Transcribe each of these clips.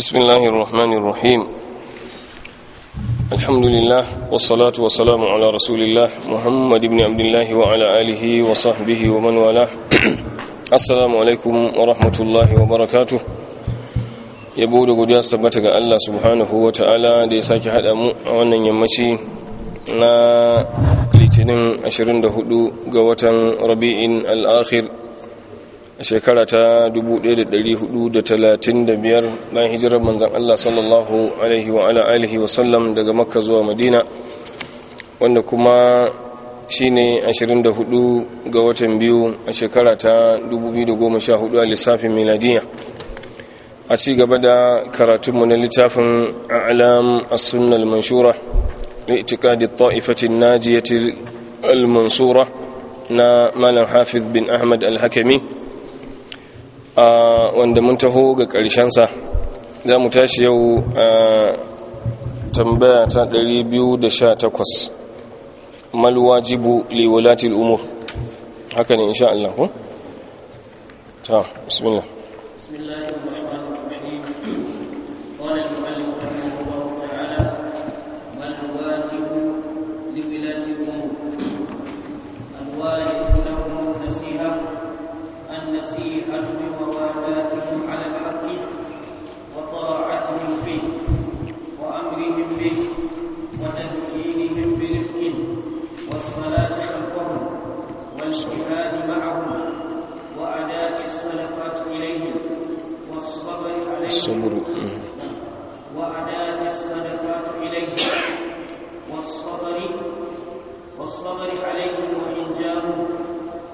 بسم الله الرحمن الرحيم الحمد لله والصلاة والسلام على رسول الله محمد بن عبد الله وعلى آله وصحبه ومن والاه السلام عليكم ورحمة الله وبركاته yabo da godiya su tabbata ga Allah subhanahu wa ta'ala da ya sake haɗa mu a wannan yammaci na litinin 24 ga watan rabi'in al'akhir shekara ta 1435 bayan hijirar manzan Allah sallallahu alaihi wa ala alihi wa sallam daga makka zuwa madina wanda kuma shine 24 ga watan biyu a shekara ta 2014 a lissafin miladiya a ci gaba da karatunmu na littafin a'lam as-sunnal manshura li'tiqadi at-ta'ifati an-najiyati al-mansura na malam hafiz bin ahmad al-hakimi wanda mun taho ga ƙarshensa za mu tashi yau a tambaya ta 218 malwajibu liwalatil umur haka ne insha Allah ko ta bismillah bismillah صبر وأداء الصدقات إليهم والصبر والصبر عليهم وإن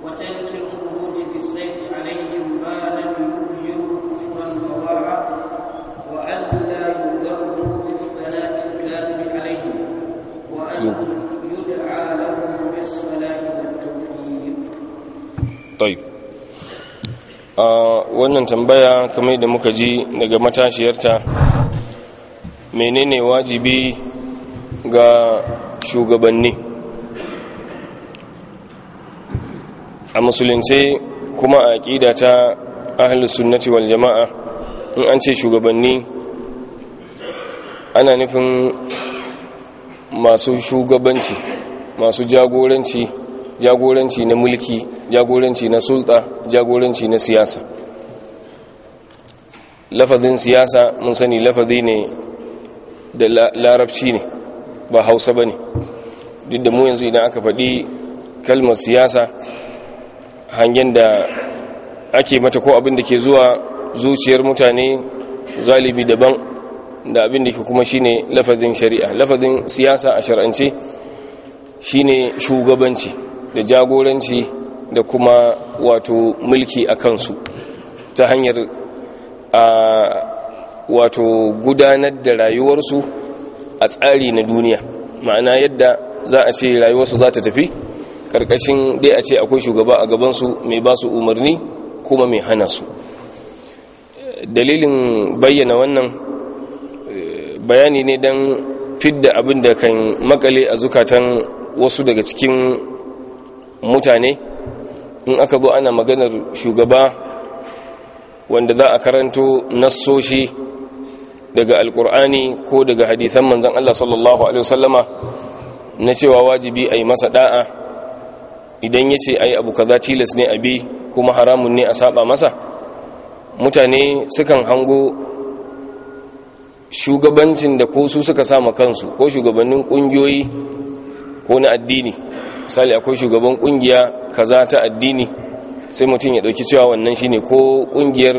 وترك الخروج بالسيف عليهم ما لم يظهروا كفرا وأن وألا يغروا بالثناء الكاذب عليهم وأن نعم. يدعى لهم بالصلاة والتوفيق طيب wannan tambaya kamar da muka ji daga matashiyarta menene wajibi ga shugabanni a musulunce kuma a aƙida ta ahalus sunnati wal jama'a in an ce shugabanni ana nufin masu shugabanci masu jagoranci jagoranci na mulki jagoranci na sulta jagoranci na siyasa lafazin siyasa mun sani lafazi ne da larabci ne ba hausa ba ne duk da mu yanzu idan aka faɗi kalmar siyasa hangen da ake mata ko abin da ke zuwa zuciyar mutane galibi daban da abin da ke kuma shine lafazin shari'a lafazin siyasa a shar'ance shine shugabanci da jagoranci da kuma wato mulki a kansu ta hanyar a wato gudanar da rayuwarsu a tsari na duniya ma'ana yadda za a ce rayuwarsu za ta tafi ƙarƙashin dai a ce akwai shugaba a gabansu mai ba su umarni kuma mai hana su dalilin bayyana wannan bayani ne don fidda abin da kan makale a zukatan wasu daga cikin mutane in aka zo ana maganar shugaba wanda za a karanto nassoshi daga alkur'ani ko daga hadisan manzan Allah sallallahu alaihi wasallama na cewa wajibi a yi masa da'a idan yace ce a yi abu kaza tilas ne a bi kuma haramun ne a saba masa mutane sukan hango shugabancin da ko su suka sama kansu ko shugabannin kungiyoyi ko na addini misali akwai shugaban kungiya kaza ta addini sai mutum ya dauki cewa wannan shine ko kungiyar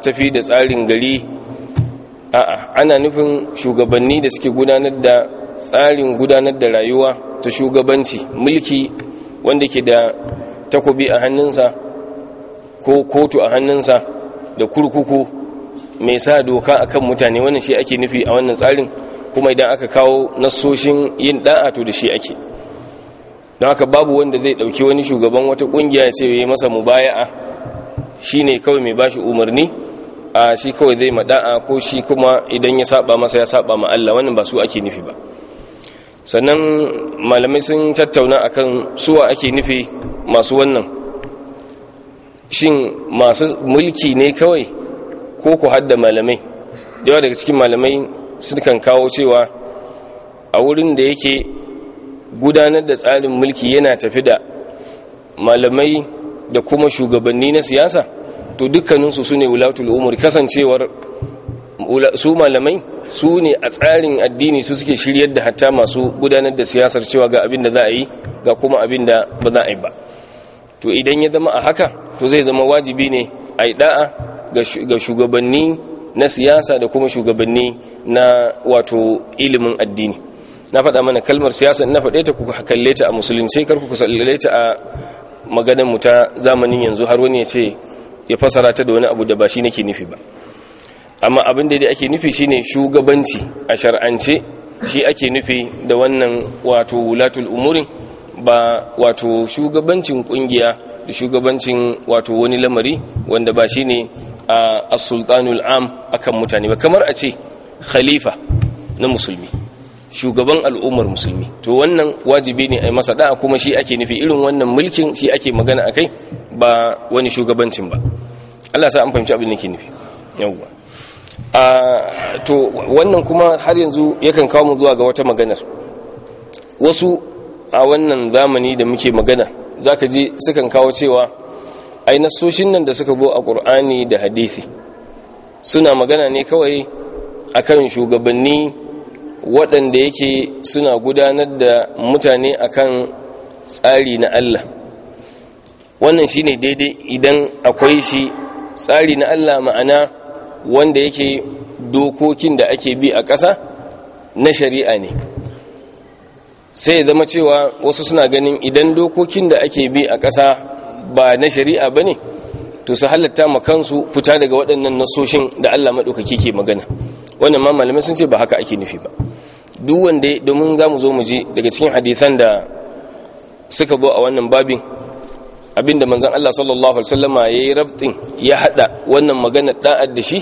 tafi da tsarin gari a'a ana nufin shugabanni da suke gudanar da tsarin gudanar da rayuwa ta shugabanci mulki wanda ke da takobi a hannunsa ko kotu a hannunsa da kurkuku mai sa doka akan mutane wannan shi ake nufi a wannan tsarin kuma idan aka kawo nasoshin yin dan to da shi ake don haka babu wanda zai dauki wani shugaban wata kungiya ce yi masa mubaya'a shine kawai mai bashi umarni a shi kawai zai mada'a ko shi kuma idan ya saba masa ya saba ma Allah wannan ba su ake nufi ba sannan malamai sun tattauna akan suwa ake nufi masu wannan shin masu mulki ne kawai ko ku hadda malamai yawa daga cikin malamai sukan kawo cewa a wurin da yake gudanar da tsarin mulki yana tafi da malamai da kuma shugabanni na siyasa to dukkaninsu su ne wulatul umar, kasancewar su malamai su ne a tsarin addini su suke shiryar da hatta masu gudanar da siyasar cewa ga abin da za a yi ga kuma abin da ba za a yi ba to idan ya zama a haka to zai zama wajibi ne a yi da'a ga shugabanni na siyasa da kuma shugabanni na wato ilimin addini na faɗa mana kalmar siyasa na faɗe ta kuka kalle ta a musulunci kar ku kalle ta a maganar mu ta zamanin yanzu har wani ya ce ya fasara ta da wani abu da ba shi nake nufi ba amma abin da ake nufi shine shugabanci a shar'ance shi ake nufi da wannan wato wulatul umurin ba wato shugabancin kungiya da shugabancin wato wani lamari wanda ba shine a sultanul am akan mutane ba kamar a ce khalifa na musulmi shugaban al'ummar musulmi to wannan wajibi ne a yi masa da'a kuma shi ake nufi irin wannan mulkin shi ake magana akai ba wani shugabancin ba Allah sa an fahimci abin da ke nufi yawwa to wannan kuma har yanzu yakan kawo mu zuwa ga wata maganar wasu a wannan zamani da muke magana zaka ji sukan kawo cewa ai nasoshin nan da suka zo a ƙur'ani da hadisi suna magana ne kawai akan shugabanni waɗanda yake suna gudanar da mutane akan tsari na Allah wannan shine daidai idan akwai shi tsari na Allah ma'ana wanda yake dokokin da ake bi a ƙasa na shari'a ne sai ya zama cewa wasu suna ganin idan dokokin da ake bi a ƙasa ba na shari'a ba ne to su halatta ma kansu fita daga waɗannan nasoshin da Allah maɗaukaki ke magana wannan ma malami sun ce ba haka ake nufi ba duk wanda domin za mu zo mu je daga cikin hadisan da suka zo a wannan babin abinda manzon Allah sallallahu alaihi wasallama yayi rabtin ya hada wannan magana da'ad da shi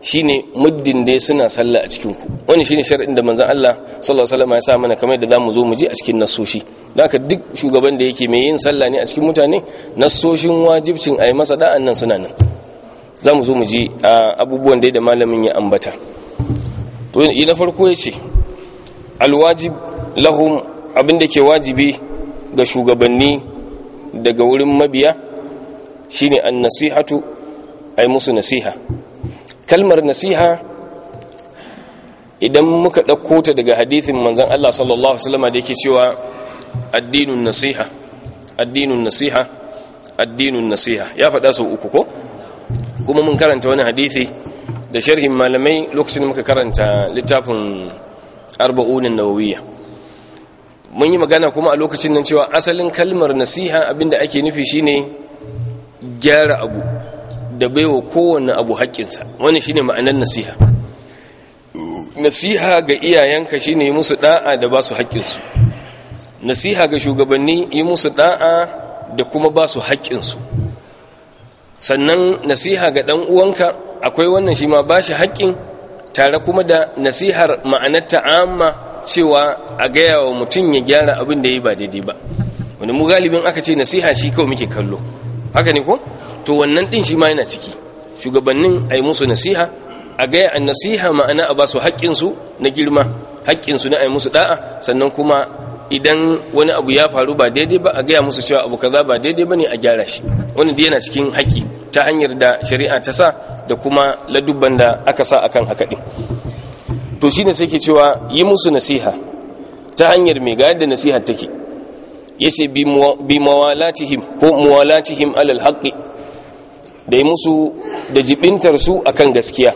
shine muddin dai suna sallah a cikin ku wani shine sharadin da manzon Allah sallallahu alaihi wasallam ya sa mana kamar da zamu zo mu ji a cikin nassoshi don haka duk shugaban da yake mai yin sallah ne a cikin mutane nasoshin wajibcin ayi masa da'an nan suna nan zamu zo mu ji abubuwan dai da malamin ya ambata to yi na farko yace alwajib lahum abin da ke wajibi ga shugabanni daga wurin mabiya shine an-nasihatu ay musu nasiha kalmar nasiha idan muka ɗauko ta daga hadithin manzan Allah sallallahu Alaihi da yake cewa addinun nasiha addinun nasiha addinun nasiha ya faɗa sau uku ko kuma mun karanta wani hadithi da sharhin malamai lokacin muka karanta littafin arba'unin nawawiyya mun yi magana kuma a lokacin nan cewa asalin kalmar nasiha abinda ake nufi shine gyara abu da baiwa kowanne abu haƙƙinsa shi shine ma'anar nasiha nasiha ga iyayenka shine yi musu ɗa'a da ba su haƙƙinsu nasiha ga shugabanni yi musu ɗa'a da kuma ba su haƙƙinsu sannan nasiha ga ɗan uwanka akwai wannan shi ma ba shi haƙƙin tare kuma da nasihar ma'anar ta'amma cewa a gaya wa mutum ya gyara abin da ya yi ba daidai ba wani mu galibin aka ce nasiha shi kawai muke kallo haka ne ko to wannan din shi ma yana ciki shugabannin a yi musu nasiha a gaya an nasiha ma'ana a ba su haƙƙinsu na girma haƙƙinsu na a yi musu ɗa'a, sannan kuma idan wani abu ya faru ba daidai ba a gaya musu cewa abu kaza ba daidai ba ne a gyara shi wani da yana cikin haƙƙi ta hanyar da shari'a ta sa da kuma ladubban da aka sa akan haka ɗin to shine sai ke cewa yi musu nasiha ta hanyar mai ga yadda nasihar take yace bi mawalatihim ko mawalatihim alal haqqi da yi musu da jibintar su akan gaskiya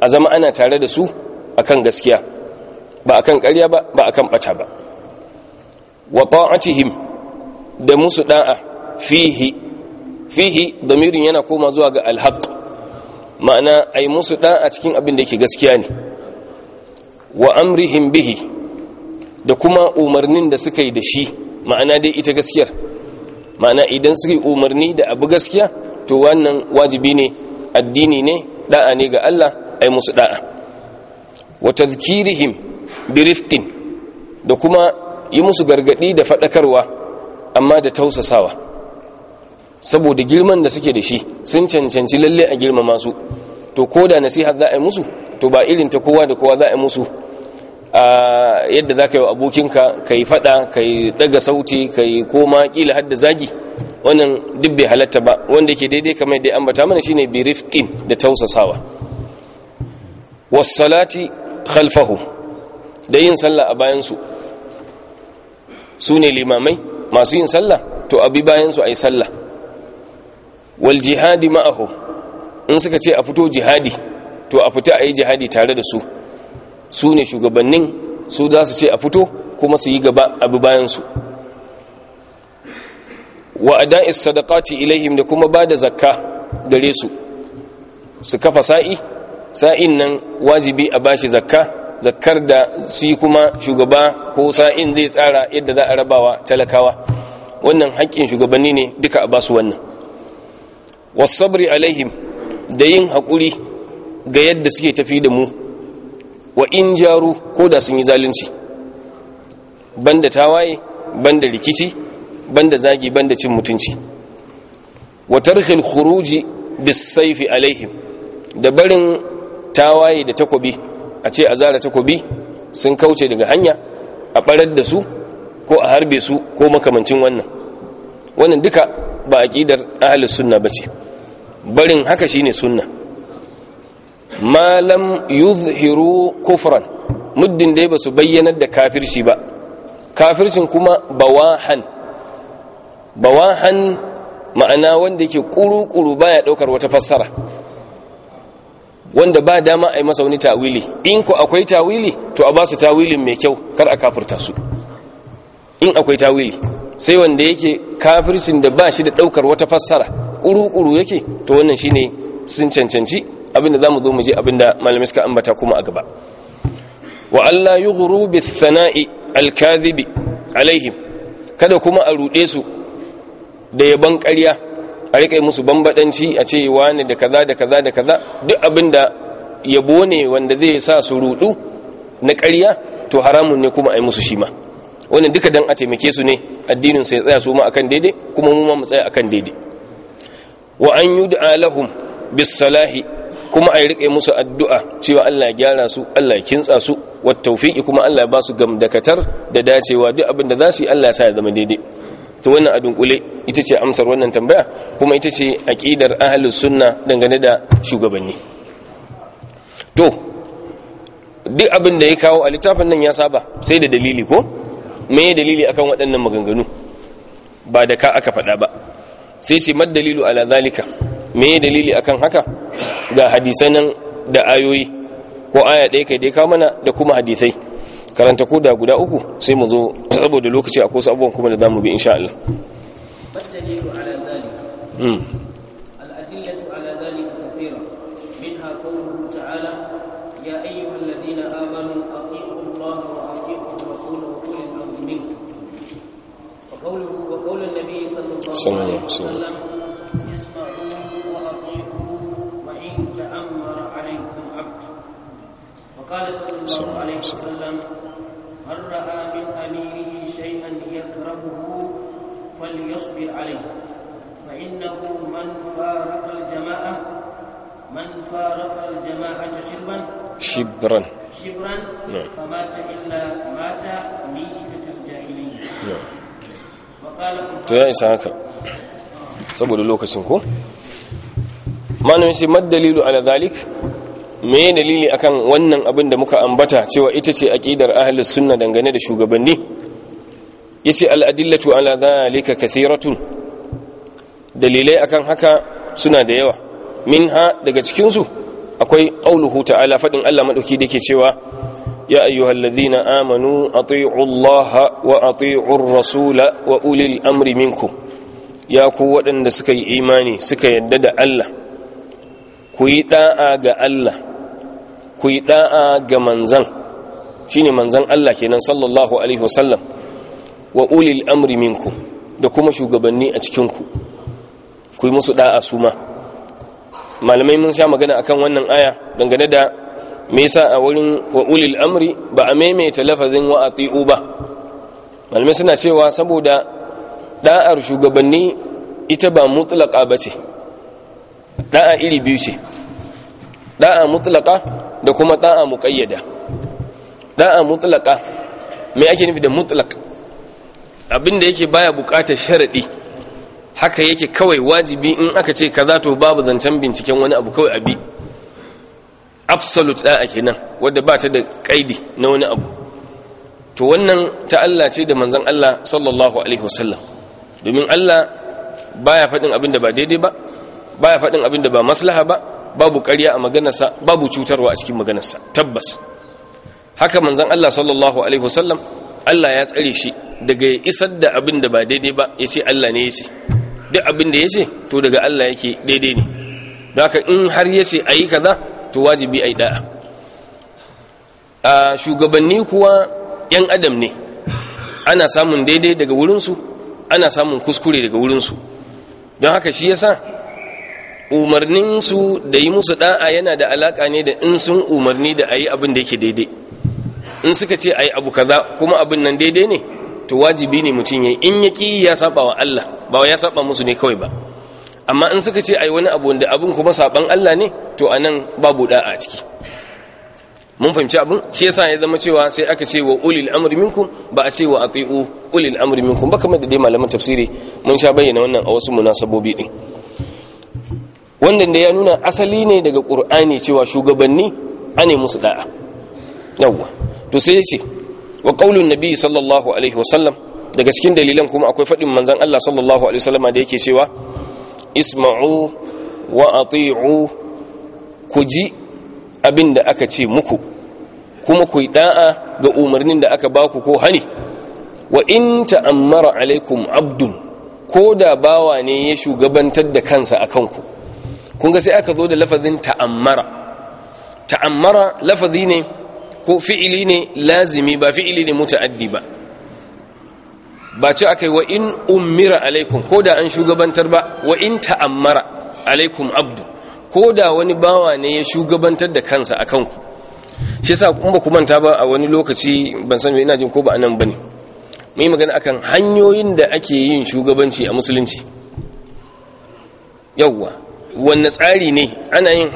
a zama ana tare da su akan gaskiya ba akan ƙarya ba ba akan bata ba wa ta'atihim da musu da'a fihi fihi damirin yana koma zuwa ga alhaq ma'ana ai musu da'a cikin abin da yake gaskiya ne wa amrihim bihi da kuma umarnin da suka yi da shi ma'ana dai ita gaskiyar ma'ana idan suka yi umarni da abu gaskiya to wannan wajibi ne addini ne da'a ne ga Allah ai musu da'a wa tadhkirihim bi da kuma yi musu gargadi da fadakarwa amma da tausasawa saboda girman da suke da shi sun cancanci lalle a girmama su to koda da nasiha za a yi musu to ba irin ta kowa da kowa za a yi musu yadda za ka yi wa abokinka ka yi faɗa ka yi ɗaga sauti ka yi koma ƙila hadda zagi wannan duk bai halatta ba wanda ke daidai kamar da ambata mana shine bi rifqin da tausasawa was-salati khalfahu da yin sallah a bayan su sune limamai masu yin sallah to abi bayan su ayi sallah wal jihadi ma'ahu in suka ce a fito jihadi to a fita a yi jihadi tare da su su ne shugabannin su za su ce a fito kuma su yi gaba abu bayansu wa adan sadaqati ilaihim da kuma ba da zakka gare su su kafa sa'i sa'in nan wajibi a bashi zakka zakkar da su kuma shugaba ko sa'in zai tsara yadda za a rabawa talakawa wannan haƙƙin shugabanni ne duka a basu wannan Wasu sabri alaihim da yin haƙuri ga yadda suke tafi da mu wa in jaru ko da sun yi zalunci banda tawaye banda rikici banda zagi banda cin mutunci wa tarhil khuruji bis sayfi alaihim da barin tawaye da takobi a ce a zara takobi sun kauce daga hanya a barar da su ko a harbe su ko makamancin wannan wannan duka ba aqidar ahlus sunna bace barin haka shine sunna malam yuzhiru kufran muddin dai ba su bayyanar da kafirci ba kafircin kuma bawahan bawahan ma'ana wanda yake kuru-kuru baya daukar wata fassara wanda ba dama a yi masa wani tawili in ku akwai tawili to a ba su tawilin mai kyau kar a kafirta su in akwai tawili sai wanda yake kafircin da ba shi da daukar wata fassara kuru-kuru yake to wannan shine sun cancanci abinda zamu zo mu je abinda malamai suka ambata kuma a gaba wa alla yughru bi sana'i al alaihim kada kuma a rude su da yaban ƙarya a rika musu bambadanci a ce wani da kaza da kaza da kaza duk abinda yabo ne wanda zai sa su rudu na ƙarya to haramun ne kuma a musu shi ma wannan duka dan a taimake su ne addinin sai tsaya su ma akan daidai kuma mu ma mu tsaya akan daidai wa an yud'a lahum bis salahi kuma a yi riƙe musu addu'a cewa Allah ya gyara su Allah ya kintsa su wata taufiƙi kuma Allah ya ba su gamdakatar da dacewa duk abin za su yi Allah ya sa ya zama daidai to wannan a dunkule ita ce amsar wannan tambaya kuma ita ce ƙidar ahalus sunna dangane da shugabanni to duk abin da ya kawo a littafin nan ya saba sai da dalili ko me dalili akan waɗannan maganganu ba da ka aka faɗa ba sai ce mad dalilu ala me ya dalili akan haka ga hadisai nan da ayoyi ko aya ɗaya kai dai kawo mana da kuma hadisai karanta ko da guda uku sai mu zo saboda lokaci a kusa abubuwan kuma da za mu bi insha Allah قوله وقول النبي صلى الله عليه وسلم وقال صلى الله عليه وسلم من رأى من أميره شيئا يكرهه فليصبر عليه فإنه من فارق الجماعة من فارق الجماعة شبرا شبرا شبرا نعم فمات إلا مات ميتة الجاهلية نعم وقال isa haka saboda lokacin ko malamin sai mad ala zalik me dalili akan wannan abin da muka ambata cewa ita ce aqidar ahlus sunna dangane da shugabanni yace al adillatu ala zalika kathiratun dalilai akan haka suna da yawa minha daga cikin su akwai qauluhu ta'ala fadin Allah madauki dake cewa ya ayyuhalladhina amanu atii'u allaha wa ar rasula wa ulil amri minkum ya ku waɗanda suka yi imani suka yadda da Allah ku yi da'a ga Allah ku yi da'a ga manzan shi ne manzan Allah kenan sallallahu alaihi wasallam wa ulil amri minku da kuma shugabanni a cikin ku yi musu ɗa'a su ma malamai mun sha magana a kan wannan aya dangane da me yasa a wurin wa ulil amri ba a maimaita lafazin wa tsi'u ba malamai suna cewa saboda ɗa'ar shugabanni ita ba ba ce. da'a iri biyu ce da'a mutlaka da kuma da'a muqayyada da'a mutlaka me ake nufi da mutlak abinda yake baya buƙatar sharadi haka yake kawai wajibi in aka ce kaza to babu zancen binciken wani abu kawai abi absolute da'a kenan wadda ba ta da kaidi na wani abu to wannan ta Allah ce da manzon Allah sallallahu alaihi wasallam domin Allah baya faɗin abinda ba daidai ba baya faɗin abin da ba maslaha ba babu ƙarya a maganarsa babu cutarwa a cikin maganarsa tabbas haka manzon Allah sallallahu alaihi wasallam Allah ya tsare shi daga isar da abin da ba daidai ba ya ce Allah ne ya ce duk abin da ya ce to daga Allah yake daidai ne don haka in har ya ce ayi kaza to wajibi ayi da'a a shugabanni kuwa yan adam ne ana samun daidai daga wurinsu ana samun kuskure daga wurinsu don haka shi yasa umarnin su da yi musu da'a yana da alaka ne da in sun umarni da ayi abin da yake daidai in suka ce ayi abu kaza kuma abin nan daidai ne to wajibi ne mutum yayi in yaki ya saba wa Allah ba ya saba musu ne kawai ba amma in suka ce ayi wani abu wanda abin kuma saban Allah ne to anan babu da'a a ciki mun fahimci abin shi yasa ya zama cewa sai aka ce wa ulil amri minkum ba a ce wa ati'u ulil amri minkum ba kamar da dai malaman tafsiri mun sha bayyana wannan a wasu munasabobi din wannan da ya nuna asali ne daga ƙur'ani cewa shugabanni ane musu da'a yawwa to sai ce wa qaulun nabi sallallahu alaihi wasallam daga cikin dalilan kuma akwai fadin manzan Allah sallallahu alaihi wasallam da yake cewa isma'u wa ati'u ku ji abin da aka ce muku kuma ku yi da'a ga umarnin da aka baku ko hani wa in ta'ammara alaikum abdun ko da bawa ne ya shugabantar da kansa a ku kun ga sai aka zo da lafazin ta'ammara ta'ammara lafazi ne ko fi'ili ne lazimi ba fi'ili ne muta'addi ba ba ce akai wa in ummira alaikum ko da an shugabantar ba wa in ta'ammara alaikum abdu ko da wani bawa ne ya shugabantar da kansa a kanku shi yasa kun ba ku manta ba a wani lokaci ban san me ina jin ko ba anan bane mu yi magana akan hanyoyin da ake yin shugabanci a musulunci yawwa wanne tsari ne ana yin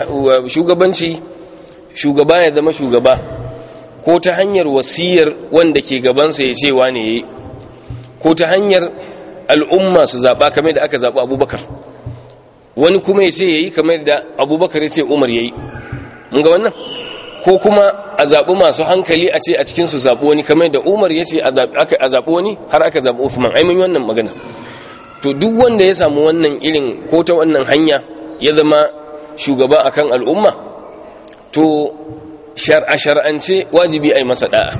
shugabanci shugaba ya zama shugaba ko ta hanyar wasiyar wanda ke gabansa ya ce wane ya ko ta hanyar al'umma su zaɓa kamar da aka zaɓa abubakar wani kuma ya ce ya yi kamar da abubakar ya ce umar ya yi ga wannan ko kuma a zaɓi masu hankali a ce a cikinsu zaɓi wani kamar da umar ya ce a zaɓi wani har aka zaɓi ufuman aimin wannan magana to duk wanda ya samu wannan irin ko ta wannan hanya ya zama shugaba a kan al'umma to a shar'ance wajibi a yi masa ɗa'a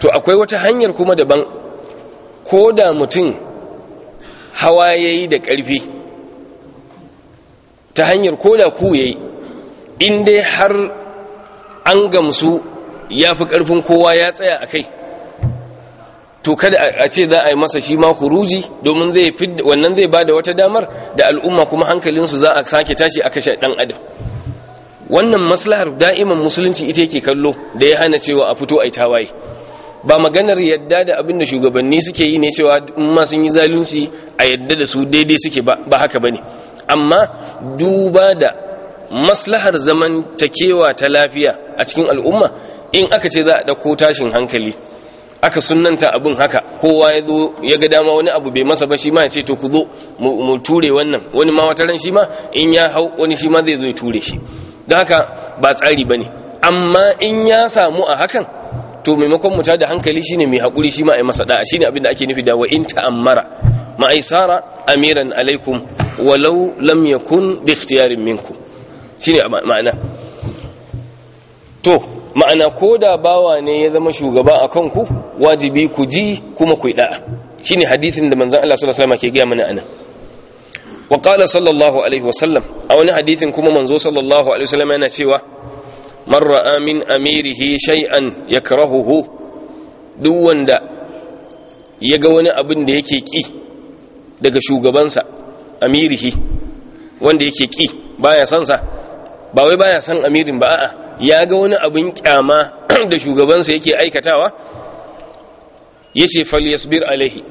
to akwai wata hanyar kuma daban ko da mutum hawa ya yi da ƙarfi ta hanyar ko da ku yayi in dai har an gamsu ya fi ƙarfin kowa ya tsaya a kai to kada a ce za a yi masa shi ma huruji domin zai wannan zai bada wata damar da al'umma kuma hankalinsu za a sake tashi a kashe dan adam wannan maslahar da'iman musulunci ita yake kallo da ya hana cewa a fito ai tawaye ba maganar yadda da abin da shugabanni suke yi ne cewa in ma sun yi zalunci a yadda da su daidai suke ba haka bane amma duba da maslahar zamantakewa ta lafiya a cikin al'umma in aka ce za a ɗauko tashin hankali aka sunanta abin haka kowa ya zo ya ga dama wani abu bai masa ba shi ma ya ce to ku zo mu ture wannan wani ma wata ran shi ma in ya hau wani shi ma zai zo ya ture shi don haka ba tsari ba ne amma in ya samu a hakan to maimakon mu da hankali shine mai haƙuri shi ma a yi masa Shi shine abin da ake nufi da wa in ta'ammara ma'aisara amiran alaikum walau lam yakun bi ikhtiyarin minkum shine ma'ana to ma'ana ko da bawa ne ya zama shugaba a kanku wajibi ku ji kuma ku yi da'a ne hadithin da manzan Allah sallallahu alaihi wasallam ke gaya mana anan wa ƙala sallallahu alaihi wasallam a wani hadithin kuma manzo sallallahu alaihi wasallam yana cewa man ra'a min amirihi shay'an hoho. duk wanda ya ga wani abin da yake ƙi daga shugabansa amirihi wanda yake ƙi baya son sa ba wai baya san amirin ba a'a ya ga wani abin kyama da shugabansa yake aikatawa yace falyasbir alaihi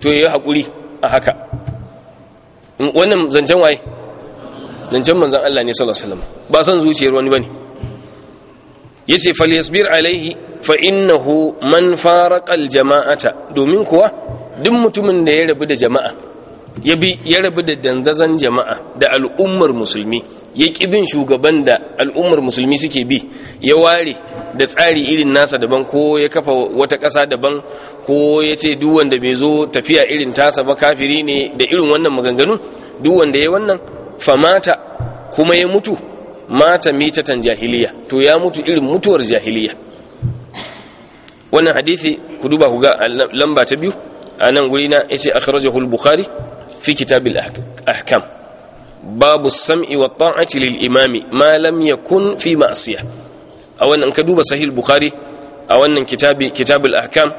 to yayi hakuri a haka wannan zancen waye zancen manzon Allah ne sallallahu alaihi ba san zuciyar wani bane yace falyasbir alaihi fa innahu man faraqa jama'ata domin kuwa duk mutumin da ya rabu da jama'a ya bi ya rabu da dandazan jama'a da al'ummar musulmi ya ƙi bin shugaban da al'ummar musulmi suke bi ya ware da tsari irin nasa daban ko ya kafa wata ƙasa daban ko ya ce wanda bai zo tafiya irin tasa ba kafiri ne da irin wannan maganganu duk wanda ya wannan famata kuma ya mutu mata mitatan jahiliya to ya mutu irin mutuwar jahiliya wannan hadisi ku duba ku ga lamba ta biyu a nan na ya ce akhrajahu al-bukhari fi kitabil ahkam babu sam'i wa ta'ati lil imami ma lam yakun fi ma'siyah a wannan ka duba sahih bukhari a wannan kitabi kitabul ahkam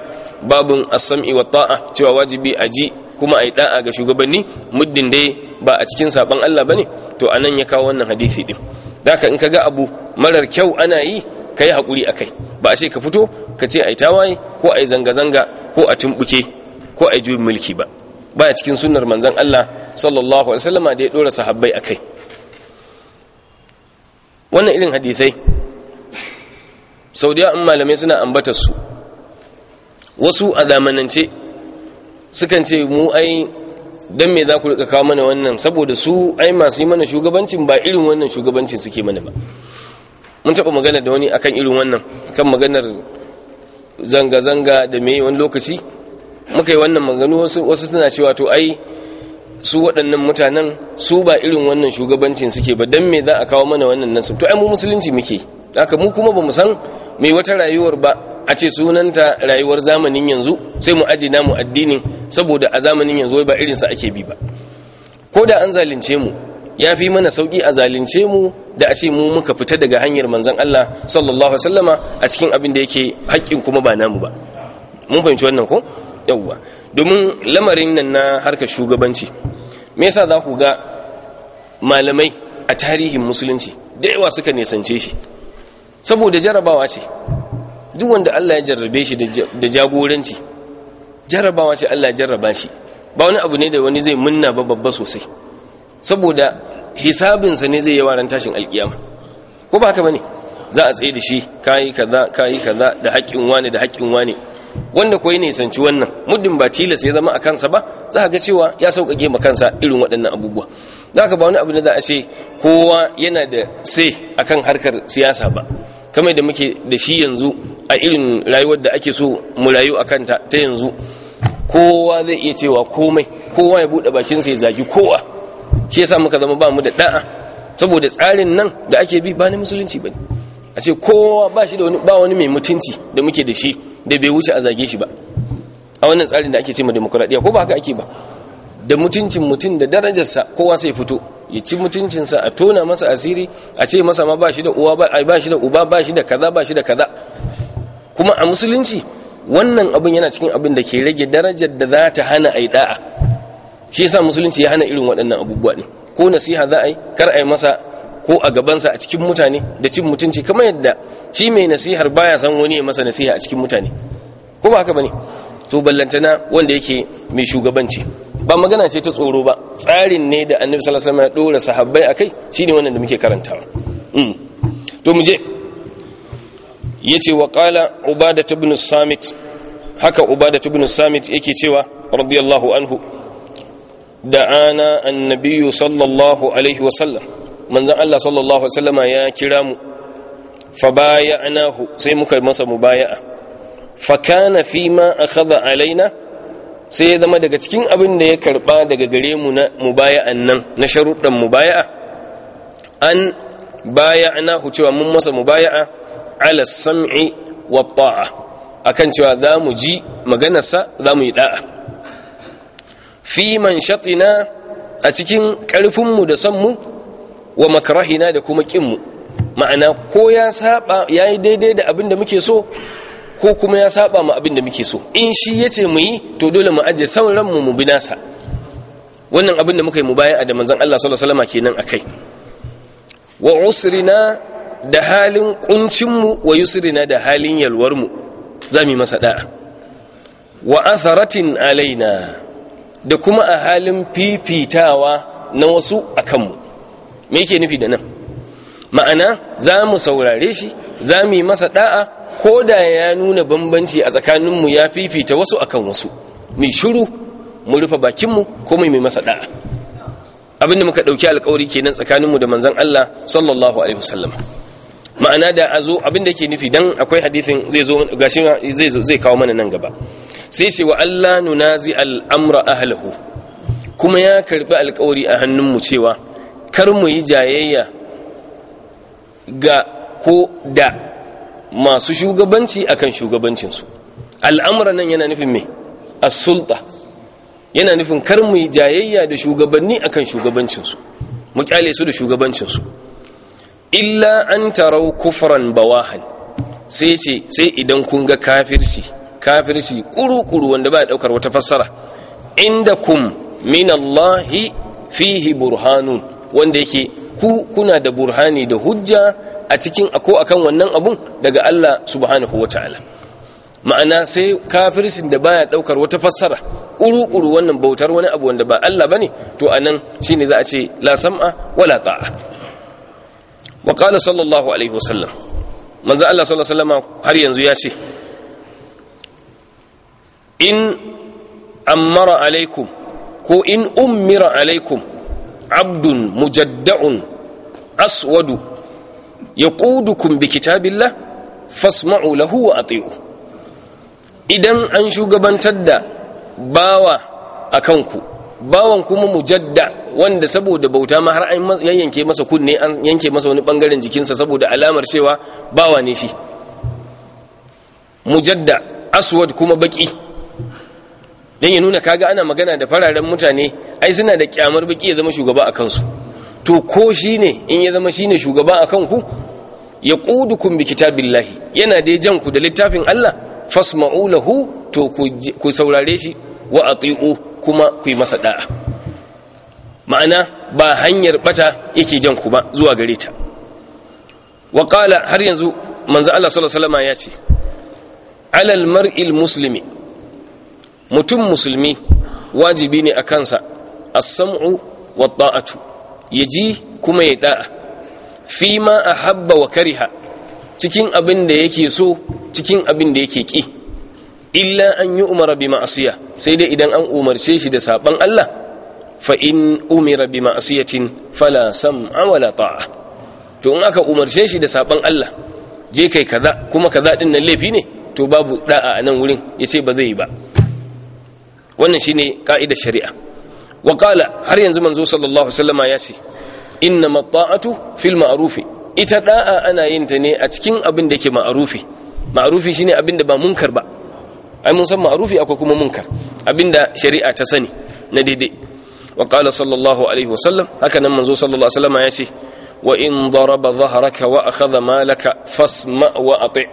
babun as-sam'i wa ta'a cewa wajibi a ji kuma ai da'a ga shugabanni muddin dai ba a cikin saban Allah bane to anan ya kawo wannan hadisi din daka in kaga abu marar kyau ana yi kai hakuri akai ba a ce ka fito ka ce ai tawaye ko ai zanga zanga ko a tumbuke ko ai juyin mulki ba baya cikin sunnar manzan Allah sallallahu alaihi wasallama da ya dora sahabbai akai wannan irin hadisai saudiya in malamai suna ambatar su wasu a zamanance sukan ce mu ai don me za ku rika kawo mana wannan saboda su ai masu yi mana shugabancin ba irin wannan shugabancin suke mana ba mun taɓa magana da wani akan irin wannan kan maganar zanga-zanga da me wani lokaci muka yi wannan maganu wasu suna cewa to ai su waɗannan mutanen su ba irin wannan shugabancin suke ba don me za a kawo mana wannan nasu to ai mu musulunci muke haka mu kuma ba mu san mai wata rayuwar ba a ce sunanta rayuwar zamanin yanzu sai mu ajiye namu addinin saboda a zamanin yanzu ba irinsa ake bi ba ko da an zalunce mu ya fi mana sauƙi a zalunce mu da a ce mu muka fita daga hanyar manzon Allah sallallahu alaihi wasallama a cikin abin da yake haƙƙin kuma ba namu ba mun fahimci wannan ko yawwa domin lamarin nan na harkar shugabanci me yasa za ku ga malamai a tarihin musulunci da yawa suka nesance shi saboda jarabawa ce duk wanda Allah ya jarrabe shi da jagoranci jarabawa ce Allah ya jarraba shi ba wani abu ne da wani zai munna ba babba sosai saboda hisabinsa ne zai yi ran tashin alkiyama ko ba haka bane za a tsaye da shi kayi kaza kayi kaza da haƙƙin wani da haƙƙin wani wanda koyi ne sanci wannan muddin ba tilas ya zama a kansa ba za ka ga cewa ya sauƙaƙe ma kansa irin waɗannan abubuwa za ka ba wani abu da za a ce kowa yana da sai kan harkar siyasa ba kamar da muke da shi yanzu a irin rayuwar da ake so mu rayu a kanta ta yanzu kowa zai iya cewa komai kowa ya buɗe bakinsa ya zagi kowa shi yasa muka zama ba mu da da'a saboda tsarin nan da ake bi ba na musulunci ba ne a ce kowa ba shi da wani ba wani mai mutunci da muke da shi da bai wuce a zage shi ba a wannan tsarin da ake ce ma demokradiya ko ba haka ake ba da mutuncin mutum da darajarsa kowa sai fito ya ci mutuncinsa a tona masa asiri a ce masa ma ba shi da uwa ba shi da uba ba shi da kaza ba shi da kaza kuma a musulunci wannan abin yana cikin abin da ke rage darajar da za ta hana a yi da'a shi yasa musulunci ya hana irin waɗannan abubuwa ne ko nasiha za a yi kar a yi masa ko a gabansa a cikin mutane da cin mutunci kamar yadda shi mai nasihar baya san wani ya masa nasiha a cikin mutane ko ba haka bane to ballantana wanda yake mai shugabanci ba magana ce ta tsoro ba tsarin ne da annabi sallallahu alaihi wasallam ya dora sahabbai akai shine wannan da muke karantawa mm. to muje je yace wa qala ubadah ibn samit haka ubadah ibn samit yake cewa radiyallahu anhu da'ana annabiyyu sallallahu alaihi wasallam manzon Allah sallallahu alaihi wasallama ya kira mu fa bayanahu sai muka masa mubaya'a fa kana fi ma akhadha alaina sai ya zama daga cikin abin da ya karba daga gare mu na mubaya'an nan na sharuɗan mubaya'a an bayanahu cewa mun masa mubaya'a ala sam'i wa ta'a akan cewa za mu ji maganarsa za mu yi da'a fi man shatina a cikin ƙarfinmu da sanmu wa makarahina da kuma kinmu ma'ana ko ya saba yayi daidai da abin da muke so ko kuma ya saba ma abin da muke so in shi ya ce mu yi to dole mu ajiye san ranmu mu bi nasa wannan abin da muka yi mu baya da zan Allah sallallahu alaihi wasallam kenan akai wa usrina da halin kuncinmu wa yusrina da halin yalwar mu yi masa da'a wa atharatin alaina da kuma a halin fifitawa na wasu a kanmu. me yake nufi da nan ma'ana za mu saurare shi za mu yi masa da'a ko da ya nuna bambanci a tsakaninmu ya fifita wasu akan wasu mai shiru mu rufe bakinmu ko mai mai masa da'a abinda muka ɗauki alkawari kenan tsakaninmu da manzan Allah sallallahu alaihi wasallam ma'ana da a zo abinda ke nufi dan akwai hadisin zai zo gashi zai kawo mana nan gaba sai ce wa Allah zai al'amra ahlihu kuma ya karbi alkawari a hannunmu cewa kar mu yi jayayya ga ko da masu shugabanci akan shugabancinsu al'amura nan yana nufin me A sulta yana nufin kar mu yi jayayya da shugabanni akan shugabancinsu mu kyale su da shugabancinsu illa an tarau kufran bawahan sai ce sai idan kun ga kafirci kafirci kuru-kuru wanda ba daukar wata fassara inda kum minallahi fihi burhanun wanda yake ku kuna da burhani da hujja a cikin ako akan wannan abun daga Allah subhanahu wataala ma'ana sai kafirsin da baya daukar wata fassara kuru-kuru wannan bautar wani abu wanda ba Allah bane to anan shine za a ce la sam'a wala ta'a wa qala sallallahu alaihi wasallam manzo Allah sallallahu alaihi wasallam har yanzu ya ce in amara alaikum ko in ummira alaikum abdun mujadda'un aswadu yaqudukum bi kitabillah fas lahu wa ati'u idan an shugabantar da bawa a kanku, bawan kuma mujadda wanda saboda bauta ma har an yanke masa kunne an yanke masa wani bangaren jikinsa saboda alamar cewa bawa ne shi mujadda aswad kuma baki dan ya nuna kaga ana magana da fararen mutane ai suna da kyamar baki ya zama shugaba a kansu to ko shi ne in ya zama shi ne shugaba a kanku ya ƙudu kun bi billahi yana dai jan ku da littafin Allah fasma'u lahu to ku saurare shi wa ati'u kuma ku yi masa ɗa'a? ma'ana ba hanyar bata yake jan ku ba zuwa gare ta wa har yanzu manzo Allah sallallahu alaihi ya ce alal mar'il muslimi mutum musulmi wajibi ne a kansa as-sam'u wa ta'atu ya ji kuma ya da'a fi ma habba wa kariha cikin abin da yake so cikin abin da yake ƙi illa an yi umara bi ma'asiya sai dai idan an umarce shi da saban Allah fa in umira bi ma'asiyatin fala sam'a wala ta'a to in aka umarce shi da saban Allah je kai kaza kuma kaza din nan laifi ne to babu da'a a nan wurin yace ba zai yi ba wannan shine ka'idar shari'a wa qala har yanzu manzo sallallahu alaihi wasallama ya ce inna mata'atu fil ma'rufi ita da'a ana yin ta ne a cikin abin da yake ma'rufi ma'rufi shine abin da ba munkar ba ai mun san ma'rufi akwai kuma munkar Abin da shari'a ta sani na daidai wa qala sallallahu alaihi wa sallam, haka nan manzo sallallahu alaihi wasallam ya ce wa in daraba dhahraka wa akhadha malaka fasma wa ati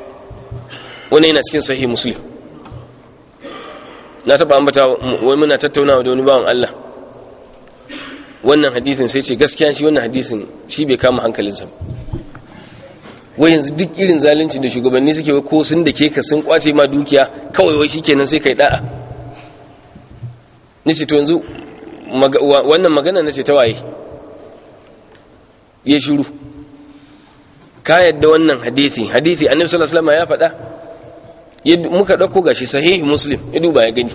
wannan yana cikin sahih muslim na taba ambata wai muna tattaunawa da wani bawan Allah wannan hadisin sai ce gaskiya shi wannan hadisin shi bai kama hankalinsa wai yanzu duk irin zalunci da shugabanni suke wai ko sun da ke ka sun kwace ma dukiya kawai wai shikenan sai kai da'a nace to yanzu wannan magana nace ta waye ya shiru ka yadda wannan hadisi hadisi annabi sallallahu alaihi wasallam ya faɗa yadda muka dauko gashi sahihi muslim ya duba ya gani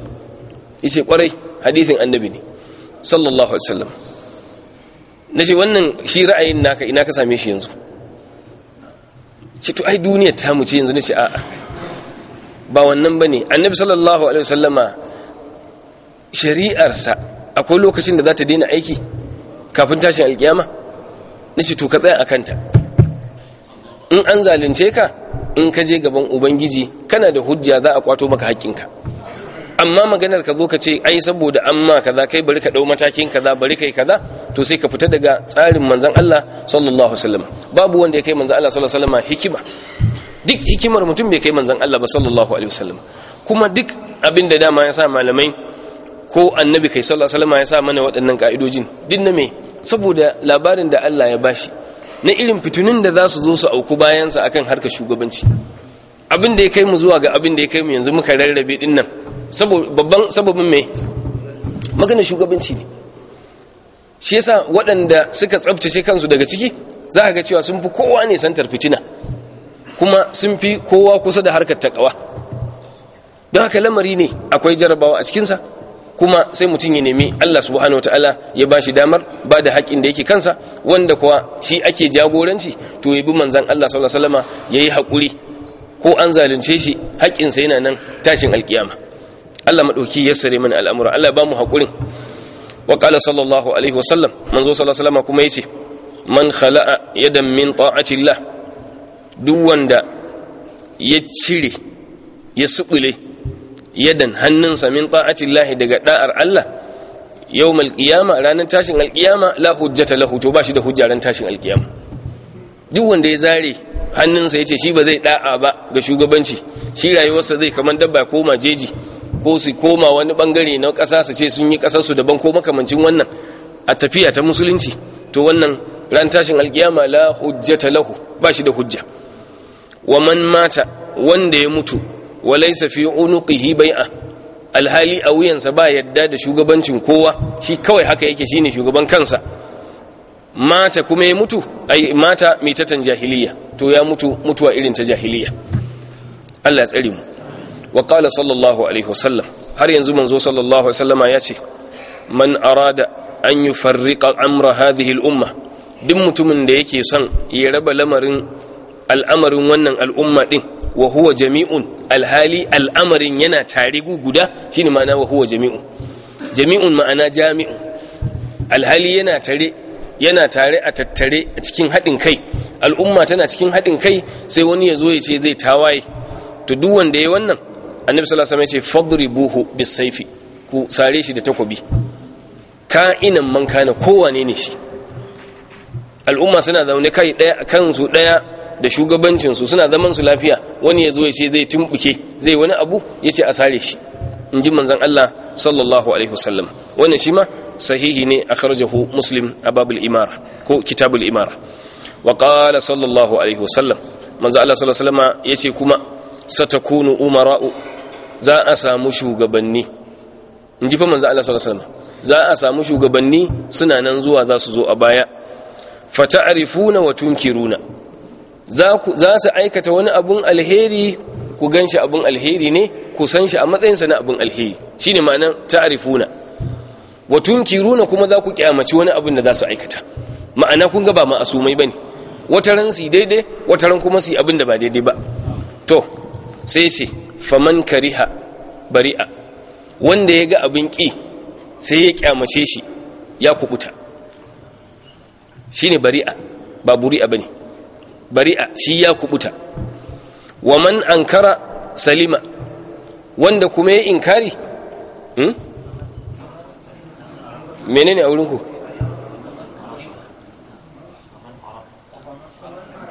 yace kwarai hadisin annabi ne sallallahu alaihi wasallam na ce wannan shi ra'ayin naka ina ka same shi yanzu ce to ai duniya ta mu ce yanzu na ce a'a ba wannan ba ne annabi sallallahu alaihi wasallama shari'arsa akwai lokacin da za ta daina aiki kafin tashin alkiyama na ce to ka tsaya a kanta in an zalunce ka in ka je gaban ubangiji kana da hujja za a kwato maka haƙƙinka amma maganar ka zo ka ce ai saboda amma kaza kai bari ka dau matakin kaza bari kai kaza to sai ka fita daga tsarin manzon Allah sallallahu alaihi wasallam babu wanda ya kai manzon Allah sallallahu alaihi wasallam hikima duk hikimar mutum bai kai manzon Allah ba sallallahu alaihi wasallam kuma duk abin da dama ya sa malamai ko annabi kai sallallahu alaihi wasallam ya sa mana waɗannan ka'idojin din na me saboda labarin da Allah ya bashi na irin fitunin da za su zo su auku bayansa akan harkar shugabanci abin da ya kai mu zuwa ga abin da ya kai mu yanzu muka rarrabe din babban sababin mai maganar shugabanci ne shi yasa waɗanda suka tsabtace kansu daga ciki za a ga cewa sun fi kowa ne santar fitina kuma sun fi kowa kusa da harkar takawa don haka lamari ne akwai jarabawa a cikinsa kuma sai mutum ya nemi Allah subhanahu wataala ya ba shi damar ba da haƙin da yake kansa wanda kuwa shi ake jagoranci to ya bi manzan Allah sallallahu alaihi wasallama yayi haƙuri ko an zalunce shi haƙinsa yana nan tashin alƙiyama. Allah madauki ya sare mana al'amura Allah ba mu hakurin wa qala sallallahu alaihi wa sallam manzo sallallahu alaihi kuma yace man khala'a yadan min ta'ati Allah duk wanda ya cire ya subule yadan hannunsa min ta'ati Allah daga da'ar Allah yawmal qiyama ranar tashin alqiyama la hujjata lahu to ba shi da hujja ran tashin alqiyama duk wanda ya zare hannunsa ya ce shi ba zai da'a ba ga shugabanci shi rayuwarsa zai kamar dabba ko majeji. ko su koma wani bangare na kasa su ce sun yi kasarsu daban ko makamancin wannan a tafiya ta musulunci to wannan ran tashin alkiyama la hujjata lahu ba shi da hujja wa man mata wanda ya mutu wa laysa fi unuqihi bai'a alhali a wuyansa ba yadda da shugabancin kowa shi kawai haka yake ne shugaban kansa mata kuma ya mutu ai mata mai tatan jahiliya to ya mutu mutuwa irin ta jahiliya Allah ya tsare mu wa qala sallallahu alaihi wasallam har yanzu manzo sallallahu alaihi wasallama ya ce man arada an yufarriqa amra hadhihi umma duk mutumin da yake son ya raba lamarin al'amarin wannan al'umma din wa huwa jami'un alhali al'amarin yana tare guda shine ma'ana wa huwa jami'un jami'un ma'ana jami'un alhali yana tare yana tare a tattare a cikin haɗin kai al'umma tana cikin haɗin kai sai wani ya zo ya ce zai tawaye to duk wanda ya wannan annabi sallallahu alaihi wasallam ya ce fadribuhu bisayfi ku sare shi da takobi ka'inan man kana kowane ne shi al'umma suna zaune kai daya kansu daya da shugabancin su suna zaman su lafiya wani yazo ya ce zai tumbuke zai wani abu yace a sare shi inji manzon Allah sallallahu alaihi wasallam wannan shi ma sahihi ne akhrajahu muslim a babul imara ko kitabul imara wa qala sallallahu alaihi wasallam manzon Allah sallallahu alaihi wasallama yace kuma satakunu umara'u za a samu shugabanni in ji fa manzo Allah sallallahu alaihi wasallam za a samu shugabanni suna nan zuwa za su zo a baya fata'rifuna wa tunkiruna za ku za su aikata wani abun alheri ku ganshi abun alheri ne ku san shi a matsayin sa na abun alheri shine ma'anar ta'rifuna wa tunkiruna kuma za ku kyamaci wani abun da za su aikata ma'ana kun ga ba ma'asumai bane ne. Wataran su daidai wataran kuma su abin da ba daidai ba to sai sai faman kariha bari'a wanda ya ga abin ƙi sai ya kyamace shi ya kubuta shi ne bari'a ba buri'a ba ne bari'a shi ya kubuta man ankara salima wanda kuma ya inkari hmm? Mene ne a wurinku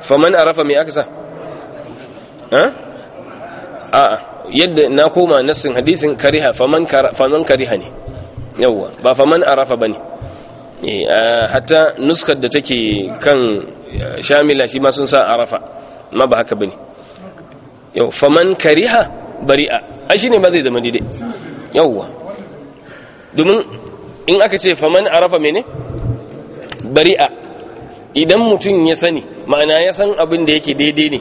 faman arafa mai aka sa? ha? a'a yadda na koma nassin hadisin kariha faman kariha ne yawwa ba faman arafa ba ne eh, hatta nuskar da take kan eh, shamila shi ma sun sa arafa ma ba haka ba ne yau faman kariha bari'a a shi ne ba zai zama daidai yawwa domin in aka ce faman arafa mene bari'a idan mutum ya sani ma'ana ya san abin da yake daidai ne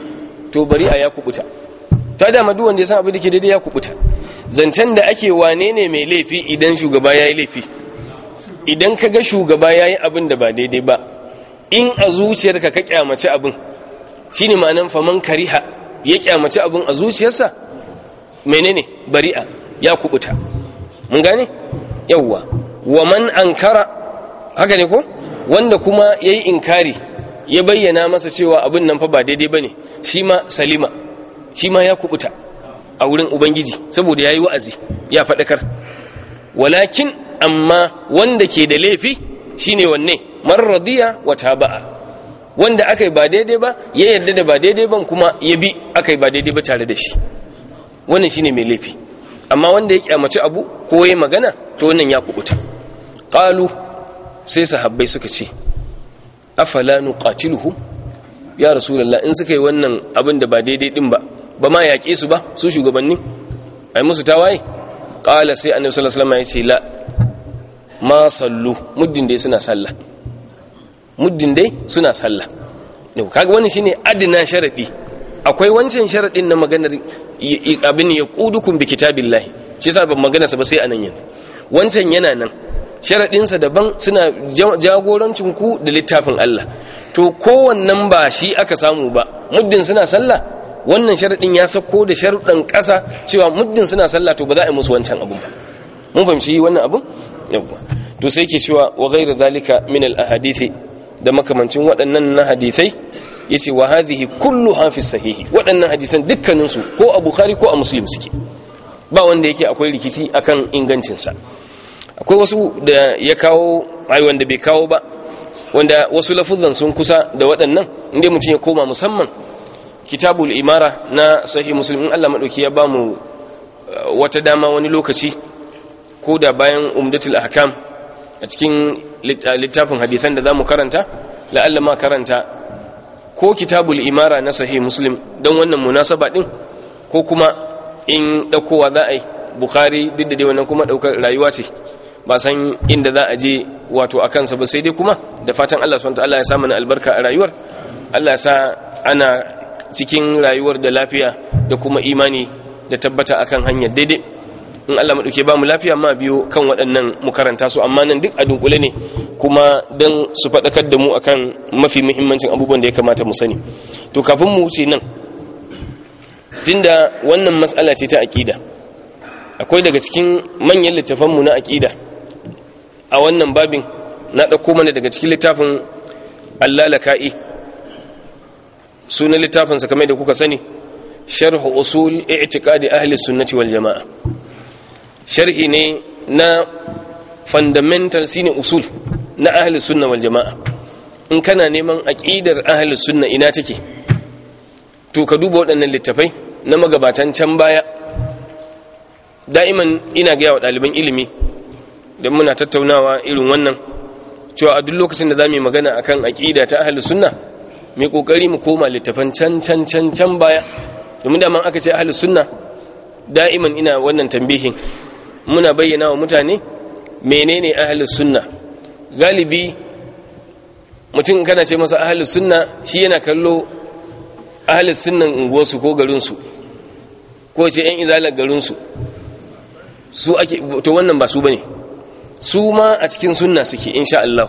to bari'a ya kubuta ta dama duk wanda ya san abin da ke daidai ya kubuta zancen da ake wane ne mai laifi idan shugaba ya yi laifi idan ka ga shugaba ya yi abin da ba daidai ba in a zuciyarka ka kyamaci abin shi ne ma'anan faman kariha ya kyamaci abin a zuciyarsa menene bari'a ya kubuta mun gane yawwa wa man ankara haka ne ko wanda kuma yayi inkari ya bayyana masa cewa abin nan fa ba daidai ba shi ma salima shi ma ya kubuta a wurin ubangiji saboda ya yi wa'azi ya faɗakar walakin amma wanda ke da laifi shine wanne marradiya wa taba'a wanda aka yi ba daidai ba ya yarda da ba daidai ban kuma ya bi aka yi ba daidai ba tare da shi wannan shine mai laifi amma wanda ya kyamaci abu ko ya magana to wannan ya kubuta qalu sai sahabbai suka ce afala nuqatiluhum ya rasulullah in suka yi wannan abin da ba daidai din ba ba ma yaƙe su ba su shugabanni ai musu tawaye qala sai annabi sallallahu alaihi wasallam ya ce la ma sallu muddin dai suna sallah muddin dai suna sallah kaga wannan shine adina sharadi akwai wancan sharadin na maganar abin ya qudukum bi kitabillahi shi yasa ban magana sa ba sai anan yanzu wancan yana nan sharadin sa daban suna jagorancin ku da littafin Allah to kowannan ba shi aka samu ba muddin suna sallah wannan sharaɗin ya sako da sharuɗan ƙasa cewa muddin suna sallah to ba za a yi musu wancan abu ba mun fahimci yi wannan abun yawwa to sai ke cewa wa ghairu zalika min al da makamancin waɗannan na hadisai yace wa hadhihi kullu hafi sahihi waɗannan hadisan dukkanin su ko a bukhari ko a muslim suke ba wanda yake akwai rikici akan ingancinsa. akwai wasu da ya kawo ai wanda bai kawo ba wanda wasu lafuzan sun kusa da waɗannan inda mutum ya koma musamman kitabul imara na sahih muslim in Allah madauki ya bamu uh, wata dama wani lokaci ko da bayan umdatul ahkam a cikin littafin hadisan da zamu karanta la'alla ma karanta ko kitabul imara na sahih muslim don wannan munasaba din ko kuma in daukowa za a yi bukhari duk da dai wannan kuma daukar rayuwa ce ba san inda za a je wato a kansa ba sai dai kuma da fatan Allah subhanahu wa ta'ala ya sa mana albarka a rayuwar Allah ya sa ana cikin rayuwar da lafiya da kuma imani da tabbata akan hanyar daidai in Allah maɗauke ba mu lafiya ma biyo kan waɗannan mu su amma nan duk a dunkule ne kuma don su faɗakar da mu akan mafi muhimmancin abubuwan da ya kamata mu sani to kafin mu wuce nan tunda wannan matsala ce ta aƙida akwai daga cikin manyan littafanmu na aƙida a wannan babin na ɗauko mana daga cikin littafin allalaka'i sunan littafinsa kamar da kuka sani sharhu usul i'tiqadi ahli sunnati wal jama'a sharhi ne na fundamental sine usul na ahli sunna wal jama'a in kana neman aqidar ahli sunna ina take to ka duba waɗannan littafai na magabatan can baya da'iman ina ga yawa ɗaliban ilimi don muna tattaunawa irin wannan cewa a duk lokacin da za mu yi magana akan aqida ta ahli sunna mai kokari mu koma littafan can can can can baya domin da man aka ce ahli sunna da'iman ina wannan tambihin muna bayyana wa mutane menene ahli sunna galibi mutum kana ce masa ahli sunna shi yana kallo ahli sunnan unguwarsu ko garinsu ko ce yan izalar garinsu su to wannan ba su bane su ma a cikin sunna suke insha Allah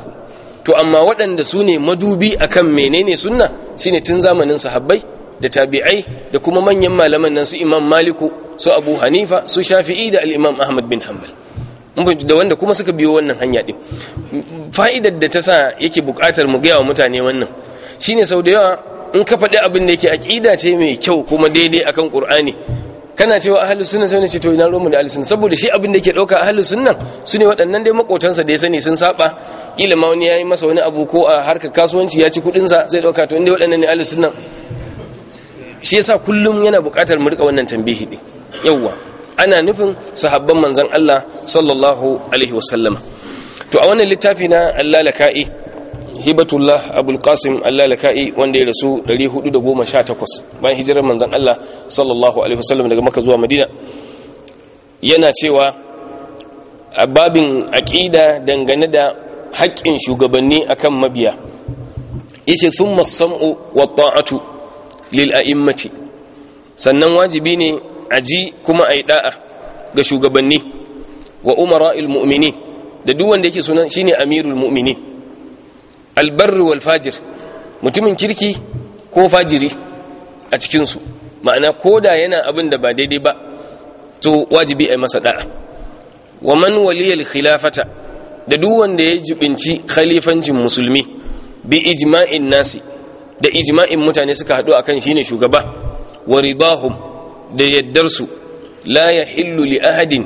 to amma waɗanda su ne madubi akan menene sunna shine tun zamanin sahabbai da tabi'ai da kuma manyan malaman nan su imam maliku su abu hanifa su shafi'i da al'imam ahmad bin hanbal da wanda kuma suka biyo wannan hanya ɗin fa'idar da ta sa yake buƙatar mu gaya wa mutane wannan shine sau da yawa in ka faɗi abin da yake aƙida ce mai kyau kuma daidai akan ƙur'ani kana cewa ahlus sunna sai ne ce to ina ruwan da ahlus saboda shi abin da yake ɗauka ahlus sunna su ne waɗannan dai makotansa da ya sani sun saba kila ma wani yayi masa wani abu ko a harkar kasuwanci ya ci kudin sa zai dauka to inda waɗannan ne ahlus sunna shi yasa kullum yana buƙatar mu rika wannan tambihi din yawwa ana nufin sahabban manzon Allah sallallahu alaihi wasallam to a wannan littafi na Allah laka'i hibatullah abul qasim Allah laka'i wanda ya rasu 418 bayan hijirar manzon Allah sallallahu alaihi wasallam daga Makka zuwa Madina yana cewa a babin aƙida dangane da haƙƙin shugabanni akan mabiya yace sun masamu wa taatu lil sannan wajibi ne a ji kuma a yi ɗa'a ga shugabanni wa umara ilmumini da duk wanda yake sunan shine amirul mu'mini albarru wal fajir mutumin kirki ko fajiri a cikinsu su ma'ana koda yana abin da ba daidai ba to wajibi a yi masa da'a wa man waliyar khilafata da duk wanda ya jibinci khalifancin musulmi bi ijma'in nasi da ijma'in mutane suka haɗu akan shine shugaba wa ridahum da yaddarsu la yahillu li ahadin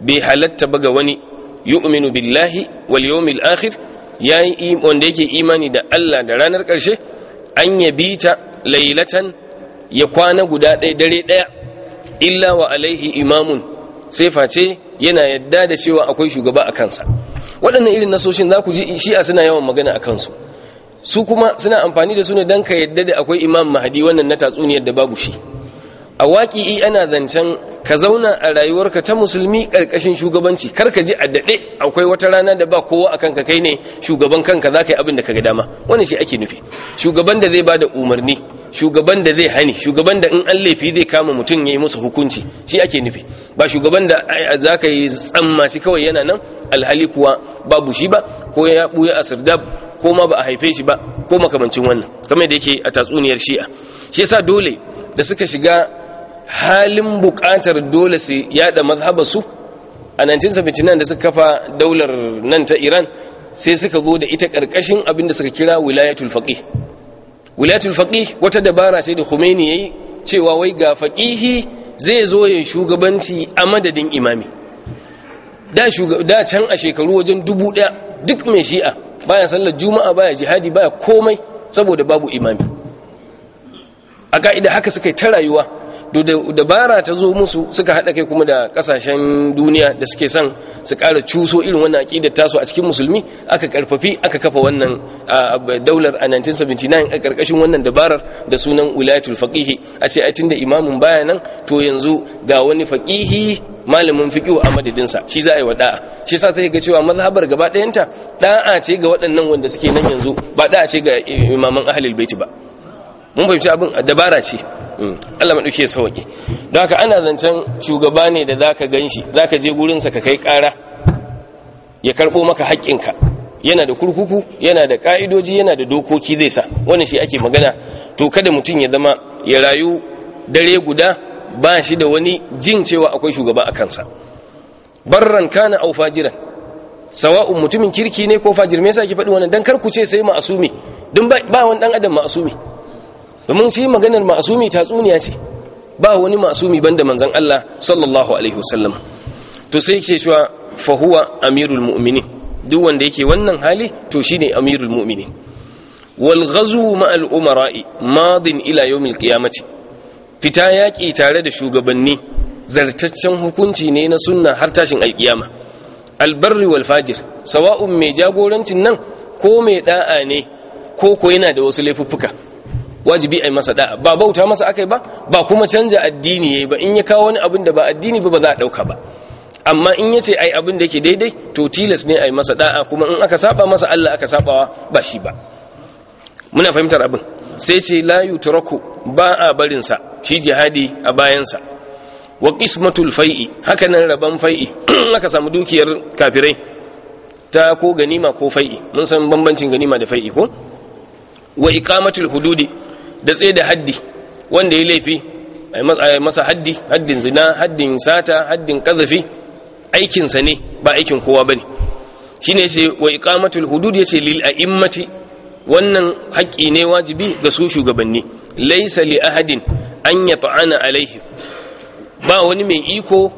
bi halatta baga wani yu'minu billahi wal yawmil akhir yayi wanda yake imani da Allah da ranar karshe an yabita laylatan ya kwana guda ɗaya dare ɗaya illa wa alaihi imamun sai face yana yadda da cewa akwai shugaba a kansa waɗannan irin nasoshin za ku ji shi'a suna yawan magana a kansu su kuma suna amfani da su ne don ka yadda da akwai imam mahadi wannan na tatsuniyar da babu shi a waƙi i ana zancen ka zauna a rayuwarka ta musulmi ƙarƙashin shugabanci kar ka ji a daɗe akwai wata rana da ba kowa a kanka kai ne shugaban kanka za ka yi abin da ka ga dama wani shi ake nufi shugaban da zai ba da umarni shugaban da zai hani shugaban da in an laifi zai kama mutum ya yi musu hukunci shi ake nufi ba shugaban da eh, za ka yi tsammaci kawai yana nan alhali kuwa babu shi ba ko ya buya a sirdab ko ma ba a haife shi ba ko makamancin wannan kamar da yake a tatsuniyar shi'a shi yasa dole da suka shiga halin buƙatar dole su yada mazhabarsu a 1979 da suka kafa daular nan ta iran sai suka zo da ita ƙarƙashin abin da suka kira wilayatul faqih wilayatul faqih wata dabara sai da ya yayi cewa wai ga faqihi zai zo ya shugabanci a madadin imami da da can a shekaru wajen dubu daya duk mai shi'a baya sallar juma'a baya jihadi baya komai saboda babu imami a ka'ida haka suka yi ta rayuwa dabara ta zo musu suka haɗa kai kuma da ƙasashen duniya da suke son su ƙara cuso irin wannan aƙidar tasu a cikin musulmi aka ƙarfafi aka kafa wannan daular a 1979 a ƙarƙashin wannan dabarar da sunan wilayatul faqihi a ce a tunda imamin baya nan to yanzu ga wani faqihi malamin fiqihu a madadinsa shi za a yi wa ɗa'a. shi sa sai ga cewa mazhabar gaba ɗayanta da'a ce ga waɗannan wanda suke nan yanzu ba ɗa'a ce ga imaman ahlul bait ba mun fahimci abin dabara ce Mm. Allah maɗauke sauƙi da haka ana zancen shugaba ne da za ka gan shi za ka je gurinsa ka kai ƙara ya karɓo maka haƙƙinka yana da kurkuku yana da ƙa'idoji yana da dokoki zai sa wani shi ake magana to kada mutum ya zama ya rayu dare guda ba shi da wani jin cewa akwai shugaba a kansa barran kana au fajiran sawa'un mutumin kirki ne ko fajir me yasa ki faɗi wannan dan kar ku ce sai ma'asumi dan ba wani dan adam ma'asumi domin shi maganar ma'asumi tatsuniya ce ba wani ma'asumi banda manzan Allah sallallahu alaihi wasallam to sai yake cewa fa huwa amirul mu'minin duk wanda yake wannan hali to shine amirul mu'minin wal ghazu ma'al umara'i madin ila yawmil qiyamati fita yaki tare da shugabanni zartaccen hukunci ne na sunna har tashin alkiyama albarri wal fajir sawa'un mai jagorancin nan ko mai da'a ne ko ko yana da wasu laifuffuka wajibi a masa da'a ba bauta masa akai ba ba kuma canja addini yayi ba in ya kawo wani abin da ba addini ba ba za a dauka ba amma in yace ai abin da yake daidai to tilas ne a yi masa da'a kuma in aka saba masa Allah aka sabawa ba shi ba muna fahimtar abin sai ce la yutraku ba a barin sa shi jihadi a bayan sa wa qismatul fai'i haka nan raban fai'i aka samu dukiyar kafirai ta ko ganima ko fai'i mun san bambancin ganima da fai'i ko wa iqamatul hududi da tsaye da haddi wanda ya laifi a masa haddi haddin zina haddin sata haddin kazafi aikinsa ne ba aikin kowa ba ne shi ne sai wa iqamatul hudud ya ce lil a'immati wannan haƙƙi ne wajibi ga su shugabanni laisa li ahadin an ya ta'ana alaihi ba wani mai iko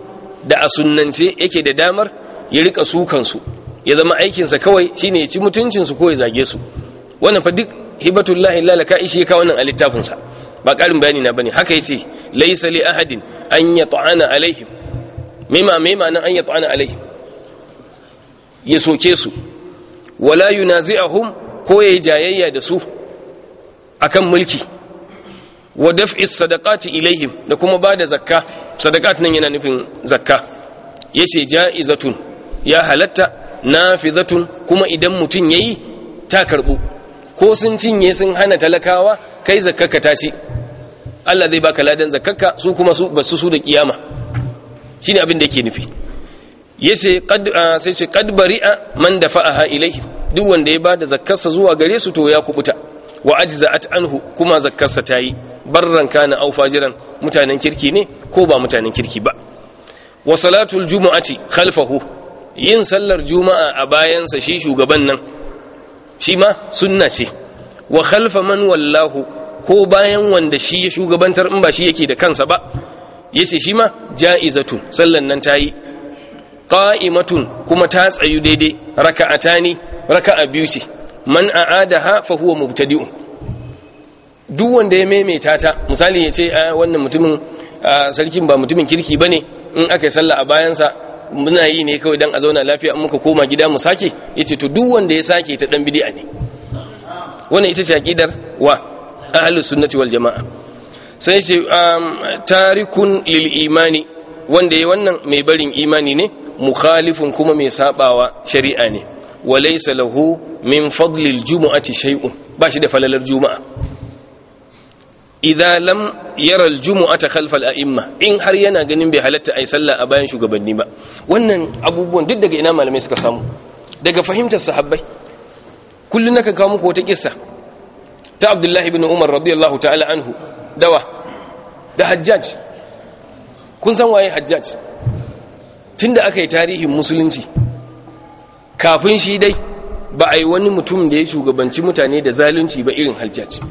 da a sunnance yake da damar ya rika sukansu ya zama aikinsa kawai shine ya ci mutuncinsu ko ya zage su wannan fa duk hibatullahi lalaka ishi ka wannan a littafinsa ba ƙarin bayani na bane haka yace ce li ahadin an yata'ana alaihim mima mima nan an yata'ana alaihim ya soke su wala yunazi'ahum ko yayi jayayya da su akan mulki wa daf'i sadaqati ilaihim da kuma bada zakka sadaqat nan yana nufin zakka yace ja'izatun ya halatta nafizatun kuma idan mutun yayi ta karbu ko sun cinye sun hana talakawa kai zakkaka ta ce. Allah zai baka ladan zakkaka su kuma su basu su da kiyama shine abin da yake nufi yace qad sai ce qad bari'a man dafa'aha ilayhi duk wanda ya bada zakkarsa zuwa gare su to ya kubuta wa ajza'at anhu kuma zakkarsa tayi barran kana aw fajiran mutanen kirki ne ko ba mutanen kirki ba wa salatul jumu'ati khalfahu yin sallar juma'a a bayansa shi shugaban nan shi ma sunna ce wa khalfa man wallahu ko bayan wanda shi ya shugabantar in ba shi yake da kansa ba yace shi ma ja'izatun sallan nan tayi qa'imatun kuma ta tsayu daidai raka'atani raka'a biyu ce man a'adaha fa huwa mubtadi'un duk wanda ya maimaita ta misali yace ah, wannan mutumin ah, sarkin ba mutumin kirki bane in aka yi sallah a bayansa muna yi ne kawai dan a zauna lafiya in muka koma gida mu sake yace to duk wanda ya sake ta dan bid'a ne wannan ita ce aqidar wa ahlus sunnati wal jamaa sai ce um, tarikun lil imani wanda ya wannan mai barin imani ne mukhalifun kuma mai sabawa shari'a ne walaysa lahu min fadlil jumu'ati shay'un ba shi da falalar juma'a idan lam yara ta khalfa al'imma in har yana ganin bai halatta ai sallah a bayan shugabanni ba wannan abubuwan duk daga ina malamai suka samu daga fahimtar sahabbai kullun naka kawo muku wata kissa ta Abdullahi ibn Umar radiyallahu ta'ala anhu dawa da Hajjaj kun san waye Hajjaj tunda aka yi tarihin musulunci kafin shi dai ba a yi wani mutum da ya shugabanci mutane da zalunci ba irin Hajjaj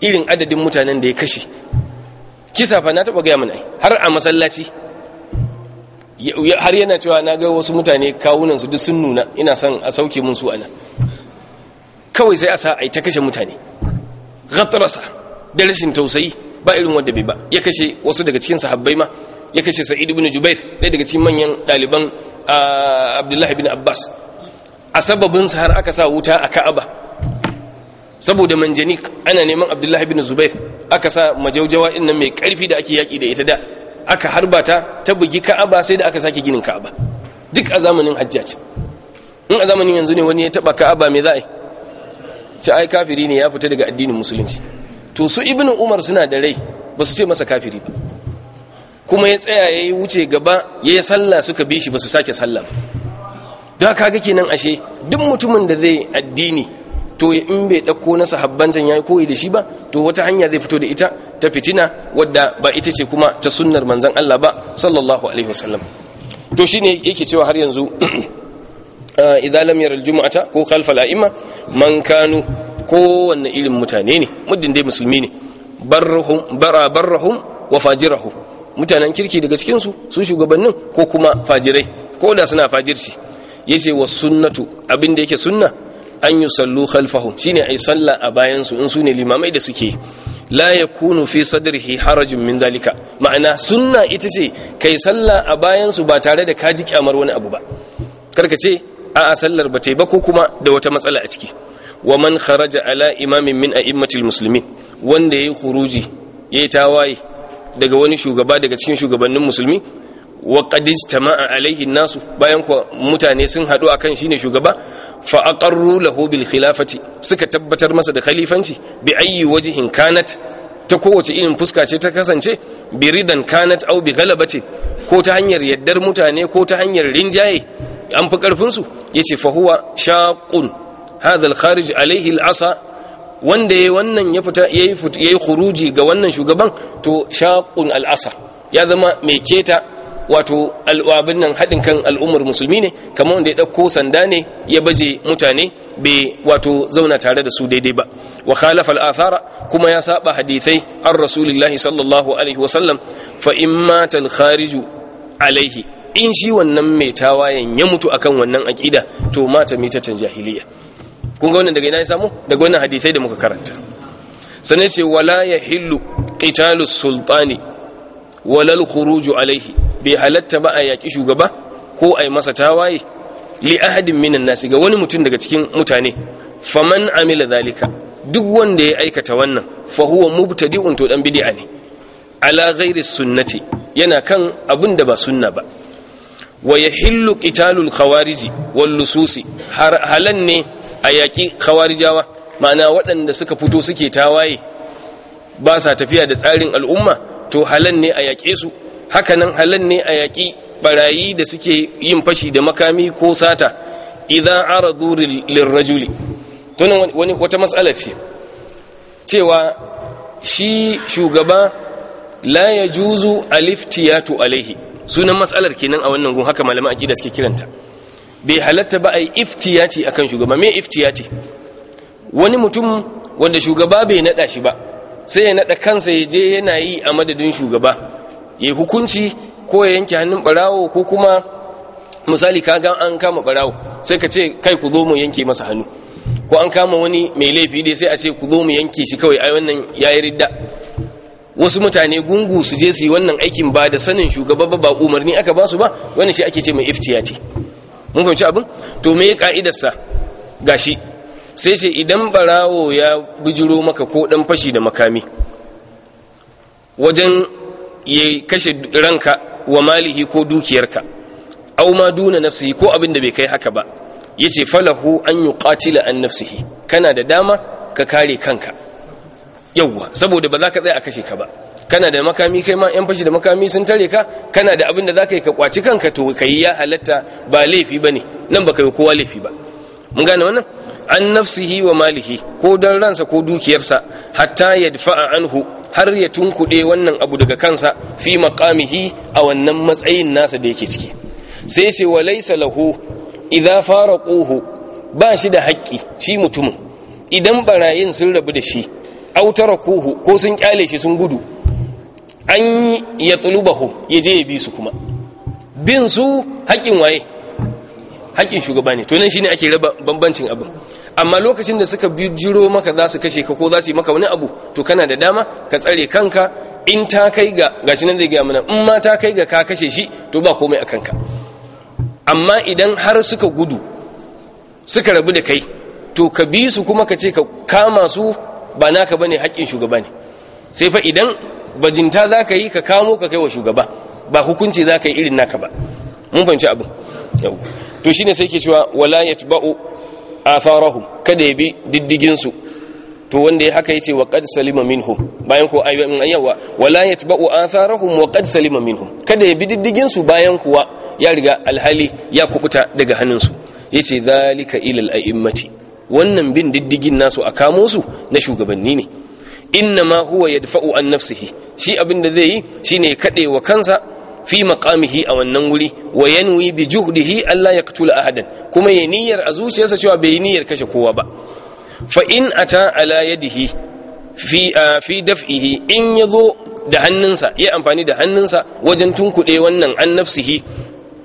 irin adadin mutanen da ya kashe kisa fa na taba gaya mana har a masallaci har yana cewa na ga wasu mutane kawunan su duk sun nuna ina son a sauke mun su ana kawai sai a sa a ta kashe mutane ghatrasa da rashin tausayi ba irin wanda bai ba ya kashe wasu daga cikin sahabbai ma ya kashe sa'id ibn jubair ɗaya daga cikin manyan daliban ah, abdullahi ibn abbas a sa har aka sa wuta a ka'aba saboda manjanik ana neman abdullahi bin zubair aka sa majaujawa innan nan mai karfi da ake yaki da ita da aka harbata ta bugi ka'aba sai da aka sake ginin ka'aba duk a zamanin hajjaj in a zamanin yanzu ne wani ya taba ka'aba mai za'a ci ai kafiri ne ya fita daga addinin musulunci to su ibnu umar suna da rai ba su ce masa kafiri ba kuma ya tsaya ya yi wuce gaba ya yi sallah suka bi shi ba su sake salla ba don haka kenan ashe duk mutumin da zai addini to ya in bai ɗauko na sahabban ya koyi da shi ba to wata hanya zai fito da ita ta fitina wadda ba ita ce kuma ta sunnar manzan Allah ba sallallahu alaihi wasallam to shine yake cewa har yanzu uh, idan lam yara aljum'ata ko khalfa al'imma man kanu kowanne irin mutane ne muddin dai musulmi ne barrahum bara barrahum wa fajirahum mutanen kirki daga cikin su su shugabannin ko kuma fajirai ko da suna fajirci yace wa sunnatu abin da yake sunna an yusallu khalfahu shine ayi sallah a bayan su in su ne limamai da suke la yakunu fi sadrihi harajun min dalika ma'ana sunna ita ce kai sallah a bayan su ba tare da kaji kyamar wani abu ba karka ce a a sallar ba ta yi ba ko kuma da wata matsala a ciki wa man kharaja ala imamin min a'immatil muslimin wanda yayi khuruji yayi tawaye daga wani shugaba daga cikin shugabannin musulmi wa qadis tama'a alaihi nasu bayan ku mutane sun hadu akan shine shugaba fa aqarru lahu bil khilafati suka tabbatar masa da khalifanci bi ayyi wajhin kanat ta kowace irin fuska ce ta kasance bi ridan kanat aw bi galabati ko ta hanyar yaddar mutane ko ta hanyar rinjaye an fi karfin su yace fa huwa shaqun hadha al kharij alaihi al asa wanda yayi wannan ya fita yayi yayi khuruji ga wannan shugaban to shaqun al asa ya zama mai keta wato al'abin nan haɗin kan al'ummar musulmi ne kamar wanda ya ɗauko sanda ne ya baje mutane bai wato zauna tare da su daidai ba wa khalafa al'athara kuma ya saba hadithai an rasulillahi sallallahu alaihi wasallam fa in mata al alaihi in shi wannan mai tawayen ya mutu akan wannan aƙida to mata mitatan jahiliya kun ga wannan daga ina ya samu daga wannan hadithai da muka karanta sannan ce wala yahillu qitalu sultani wala al alaihi bai halatta ba a yaƙi shugaba ko a yi masa tawaye li ahadin minan nasi ga wani mutum daga cikin mutane faman amila zalika duk wanda ya aikata wannan fa huwa mubtadi'un to dan bid'a ne ala ghairi sunnati yana kan abin da ba sunna ba wa yahillu qitalul khawariji wal lususi halan ne a yaƙi khawarijawa ma'ana waɗanda suka fito suke tawaye ba sa tafiya da tsarin al'umma to halan ne a yaƙe su hakanan halar ne a yaƙi barayi da suke yin fashi da makami ko sata idan aradu lirrajuli tunan wani wata matsala ce cewa shi shugaba la ya ya aliftiyatu alaihi sunan matsalar kenan a wannan gun haka malaman aƙida suke kiranta bai halatta ba a ai iftiyati akan shugaba me iftiyati wani mutum wanda shugaba bai naɗa shi ba sai ya naɗa kansa ya je yana yi a madadin shugaba yayi hukunci ko ya yanke hannun barawo ko kuma misali ka ga an kama barawo sai ka ce kai ku zo mu yanke masa hannu ko an kama wani mai laifi dai sai a ce ku zo mu yanke shi kawai ai wannan yayi ridda wasu mutane gungu su je su yi wannan aikin ba da sanin shugaba ba ba umarni aka ba su ba wannan shi ake ce mai iftiyati mun fahimci abin to me ka'idarsa gashi sai sai idan barawo ya bijiro maka ko dan fashi da makami wajen ya kashe ranka wa malihi ko dukiyarka au ma duna nafsihi ko abin da bai kai haka ba yace falahu an yuqatila an nafsihi kana da dama ka kare kanka yawwa saboda ba za ka tsaya a kashe ka ba kana da makami kai ma yan fashi da makami sun tare ka kana da abin da za ka yi ka kwaci kanka to ka yi ya halatta ba laifi ba ne nan ba ka yi kowa laifi ba mun gane wannan an nafsihi wa malihi ko don ransa ko dukiyarsa hatta yadfa'a anhu har ya tunkuɗe wannan abu daga kansa fi maqamihi a wannan matsayin nasa da yake ciki sai sai wa laysa lahu idza faraquhu ba shi da haƙƙi shi mutumin idan barayin sun rabu da shi autara kuhu ko sun kyale shi sun gudu an ya yaje ya je ya bi su kuma bin su haƙƙin waye haƙƙin shugaba ne to nan ne ake raba bambancin abin amma lokacin da suka jiro maka za su kashe ka ko za su yi maka wani abu to kana da dama ka tsare kanka in ta kai ga gashi nan da ya mana in ma ta kai ga ka kashe shi to ba komai a kanka amma idan har suka gudu suka rabu da kai to ka bi su kuma ka ce ka kama su ba naka bane haƙƙin shugaba ne sai fa idan bajinta za ka yi ka kamo ka kai wa shugaba ba hukunci za ka yi irin naka ba mun fahimci abin to shine sai ke cewa wala yatba'u atharahum kada ya bi diddiginsu. to wanda ya haka yace wa qad salima minhum bayan ko ayyawa wala yatba'u atharahum wa qad salima minhum kada ya bi diddigin su bayan kuwa ya riga alhali ya kubuta daga hannunsu yace zalika ilal a'immati wannan bin diddigin nasu a kamo su na shugabanni ne inna ma huwa yadfa'u an nafsihi shi abin da zai yi shine kade wa kansa fi maqamihi a wannan wuri wa yanwi bi juhdihi Allah ya yaqtula ahadan kuma ya niyyar a zuciyarsa cewa bai niyyar kashe kowa ba fa in ata ala yadihi fi fi daf'ihi in yazo da hannunsa ya amfani da hannunsa wajen tunkuɗe wannan an nafsihi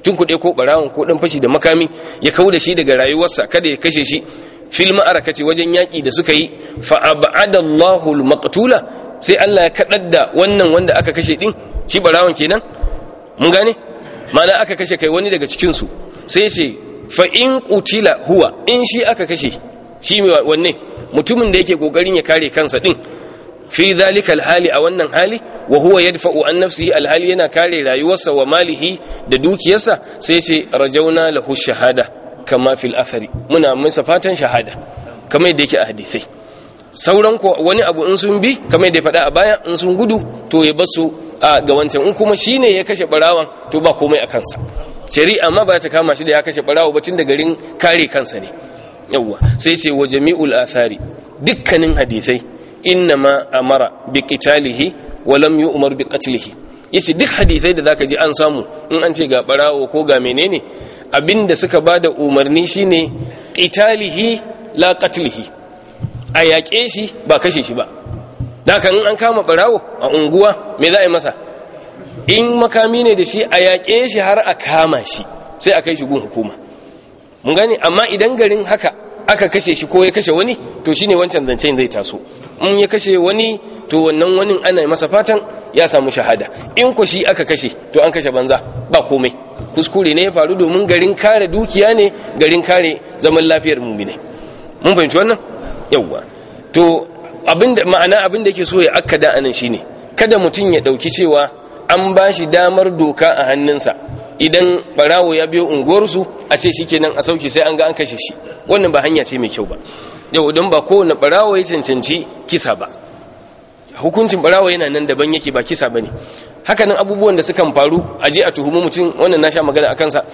tunkuɗe ko barawon ko dan fashi da makami ya kauda shi daga rayuwarsa kada ya kashe shi fil ma'arakati wajen yaki da suka yi fa ab'adallahu al-maqtula sai Allah ya kadar da wannan wanda aka kashe din shi barawon kenan mun gane mana aka kashe kai wani daga cikinsu. su sai ce fa in qutila huwa in shi aka kashe shi mai wanne mutumin da yake kokarin ya kare kansa din fi dhalika alhali a wannan hali wa huwa yadfa'u an nafsihi alhali yana kare rayuwarsa wa malihi da dukiyarsa sai ce rajauna lahu shahada kama fil athari muna masa fatan shahada kamar yadda yake a hadisai sauran ko wani abu in sun bi kamar da faɗa a baya in sun gudu to ya basu ga wancan in kuma shine ya kashe barawan to ba komai a kansa shari'a ma ba ta kama shi da ya kashe barawa ba tun da garin kare kansa ne yawwa sai ce wa jami'ul athari dukkanin hadisai inna ma amara bi qitalihi wa lam yu'mar bi qatlihi yace duk hadisai da zaka ji an samu in an ce ga barawo ko ga menene abinda suka bada umarni shine qitalihi la qatlihi a yaƙe shi ba kashe shi ba Da in an kama barawo a unguwa mai za a yi masa in makami ne da shi a yaƙe shi har a kama shi sai a kai shi gun hukuma mun gani amma idan garin haka aka kashe shi ko ya kashe wani to shi ne wancan zance zai taso in ya kashe wani to wannan wani ana masa fatan ya samu shahada in ku shi aka kashe to an kashe banza ba komai kuskure ne ya faru domin garin kare dukiya ne garin kare zaman lafiyar mu ne mun fahimci wannan yawwa to abinda ma'ana abinda yake so ya akada anan shine kada mutum ya dauki cewa an ba shi damar doka a hannunsa idan barawo ya biyo unguwarsu a ce shikenan a sauki sai an ga an kashe shi wannan ba hanya ce mai kyau ba yau don ba kowane barawo ya cancanci kisa ba hukuncin barawo yana nan daban yake ba kisa bane nan abubuwan da suka faru a je a tuhumu mutum wannan na sha magana a kansa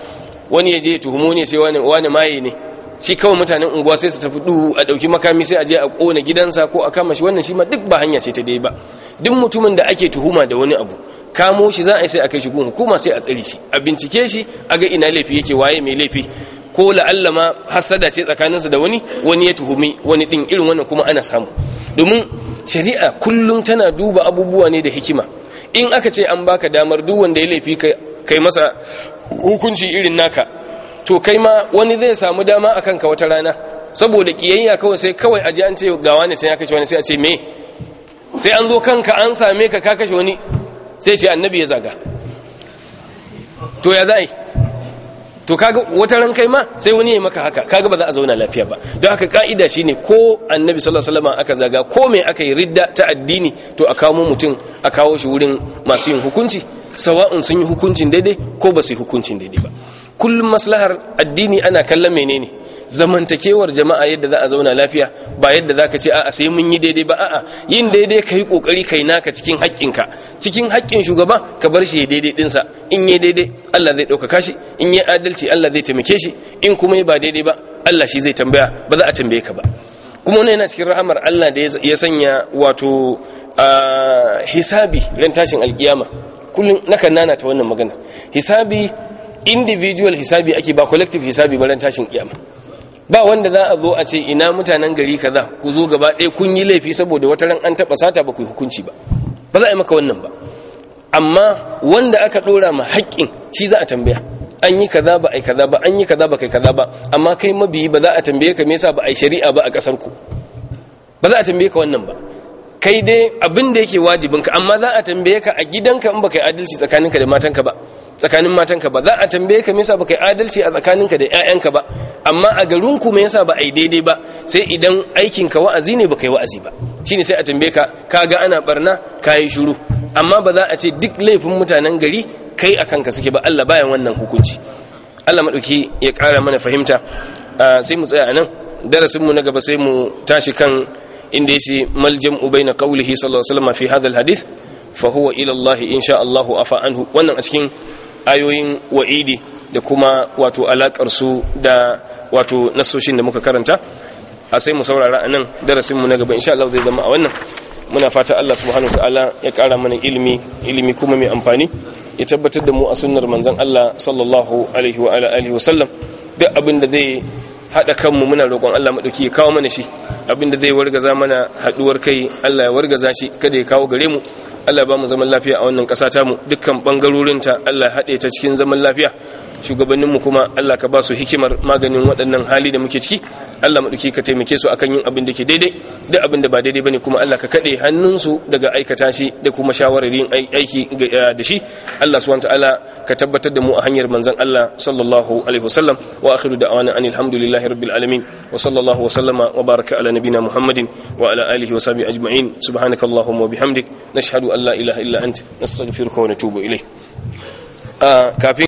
wani ya je ya ne sai wani maye ne shi kawai mutanen unguwa sai su tafi duhu a ɗauki makami sai a je a ƙona gidansa ko a kama shi wannan shi ma duk ba hanya ce ta dai ba duk mutumin da ake tuhuma da wani abu kamo shi za a yi sai a kai shi gun hukuma sai a tsare shi a bincike shi a ga ina laifi yake waye mai laifi ko la'alla ma hasada ce tsakaninsa da wani wani ya tuhumi wani din irin wannan kuma ana samu domin shari'a kullum tana duba abubuwa ne da hikima in aka ce an baka damar duk wanda ya laifi kai masa hukunci irin naka to kai ma wani zai samu dama a kanka wata rana saboda kiyayya kawai sai kawai aji an ce ga wani sai ya kashe wani sai a ce me sai an zo kanka an same ka ka kashe wani sai ce annabi ya zaga to ya za'i to kaga wata ran kai ma sai wani ya maka haka kaga ba za a zauna lafiya ba don haka ka'ida shine ko annabi sallallahu alaihi wasallam aka zaga ko me aka yi ridda ta addini to a kawo mutum a kawo shi wurin masu yin hukunci sawa'un sun yi hukuncin daidai ko ba su yi hukuncin daidai ba kullum maslahar addini ana kallon menene zamantakewar jama'a yadda za a zauna lafiya ba yadda za ka ce a'a sai mun yi daidai ba a'a yin daidai ka yi ƙoƙari kai naka cikin haƙƙinka cikin haƙƙin shugaba ka bar shi ya daidai dinsa in yi daidai Allah zai ɗaukaka shi in yi adalci Allah zai taimake shi in kuma yi ba daidai ba Allah shi zai tambaya ba za a tambaye ka ba kuma wannan yana cikin rahamar Allah da ya sanya wato hisabi ran tashin alkiyama kullum nakan nana ta wannan magana hisabi individual hisabi ake ba collective hisabi ba ran tashin kiyama ba wanda za a zo a ce ina mutanen gari kaza ku zo gaba ɗaya kun yi laifi saboda wata ran an taɓa sata ba ku yi hukunci ba ba za a yi maka wannan ba amma wanda aka ɗora ma haƙƙin shi za a tambaya an yi kaza ba a yi kaza ba an yi kaza ba kai kaza ba amma kai mabiyi ba za a tambaye ka me yasa ba a yi shari'a ba a ƙasar ku ba za a tambaye ka wannan ba kai dai abin da yake wajibinka amma za a tambaye ka a gidanka in ba kai adalci tsakaninka da matanka ba tsakanin matanka ba za a tambaye ka me yasa baka yi adalci a tsakaninka da ƴaƴanka ba amma a garin ku me yasa ba a yi daidai ba sai idan aikin ka wa'azi ne baka yi wa'azi ba shine sai a tambaye ka kaga ana barna kayi shiru amma ba za a ce duk laifin mutanen gari kai a kanka suke ba Allah bayan wannan hukunci Allah madauki ya ƙara mana fahimta sai mu tsaya anan darasin mu na gaba sai mu tashi kan inda yace maljam ubaina qawlihi sallallahu alaihi wasallam fi hadha alhadith fa huwa ila Allah insha Allah afa anhu wannan a cikin ayoyin wa'idi da kuma wato alakar su da wato nasoshin da muka karanta a sai mu saurara anan darasin mu na gaba insha Allah zai zama a wannan muna fata Allah subhanahu ta'ala ya kara mana ilimi ilimi kuma mai amfani ya tabbatar da mu a sunnar manzon Allah sallallahu alaihi wa alihi sallam duk abin da zai haɗa kanmu muna roƙon Allah maɗauki ya kawo mana shi abinda zai wargaza mana haɗuwar kai Allah ya wargaza shi kada ya kawo gare mu Allah ba mu zaman lafiya a wannan ƙasa mu dukkan ɓangarorinta Allah ya haɗe ta cikin zaman lafiya shugabanninmu kuma Allah ka ba su hikimar maganin waɗannan hali da muke ciki Allah maɗauki ka taimake su akan yin abin da ke daidai da abin da ba daidai bane kuma Allah ka kaɗe hannunsu daga aikata shi da kuma shawararin aiki eh, da shi Allah subhanahu ta'ala ka tabbatar da mu a hanyar manzan Allah sallallahu alaihi wasallam wa akhiru da'wana anil hamdulillahi rabbil alamin wa sallallahu wa sallama wa baraka ala nabina muhammadin wa ala alihi wa sahbihi ajma'in subhanakallahumma wa bihamdik nashhadu an la ilaha illa ant nastaghfiruka wa natubu ilayk ah, kafin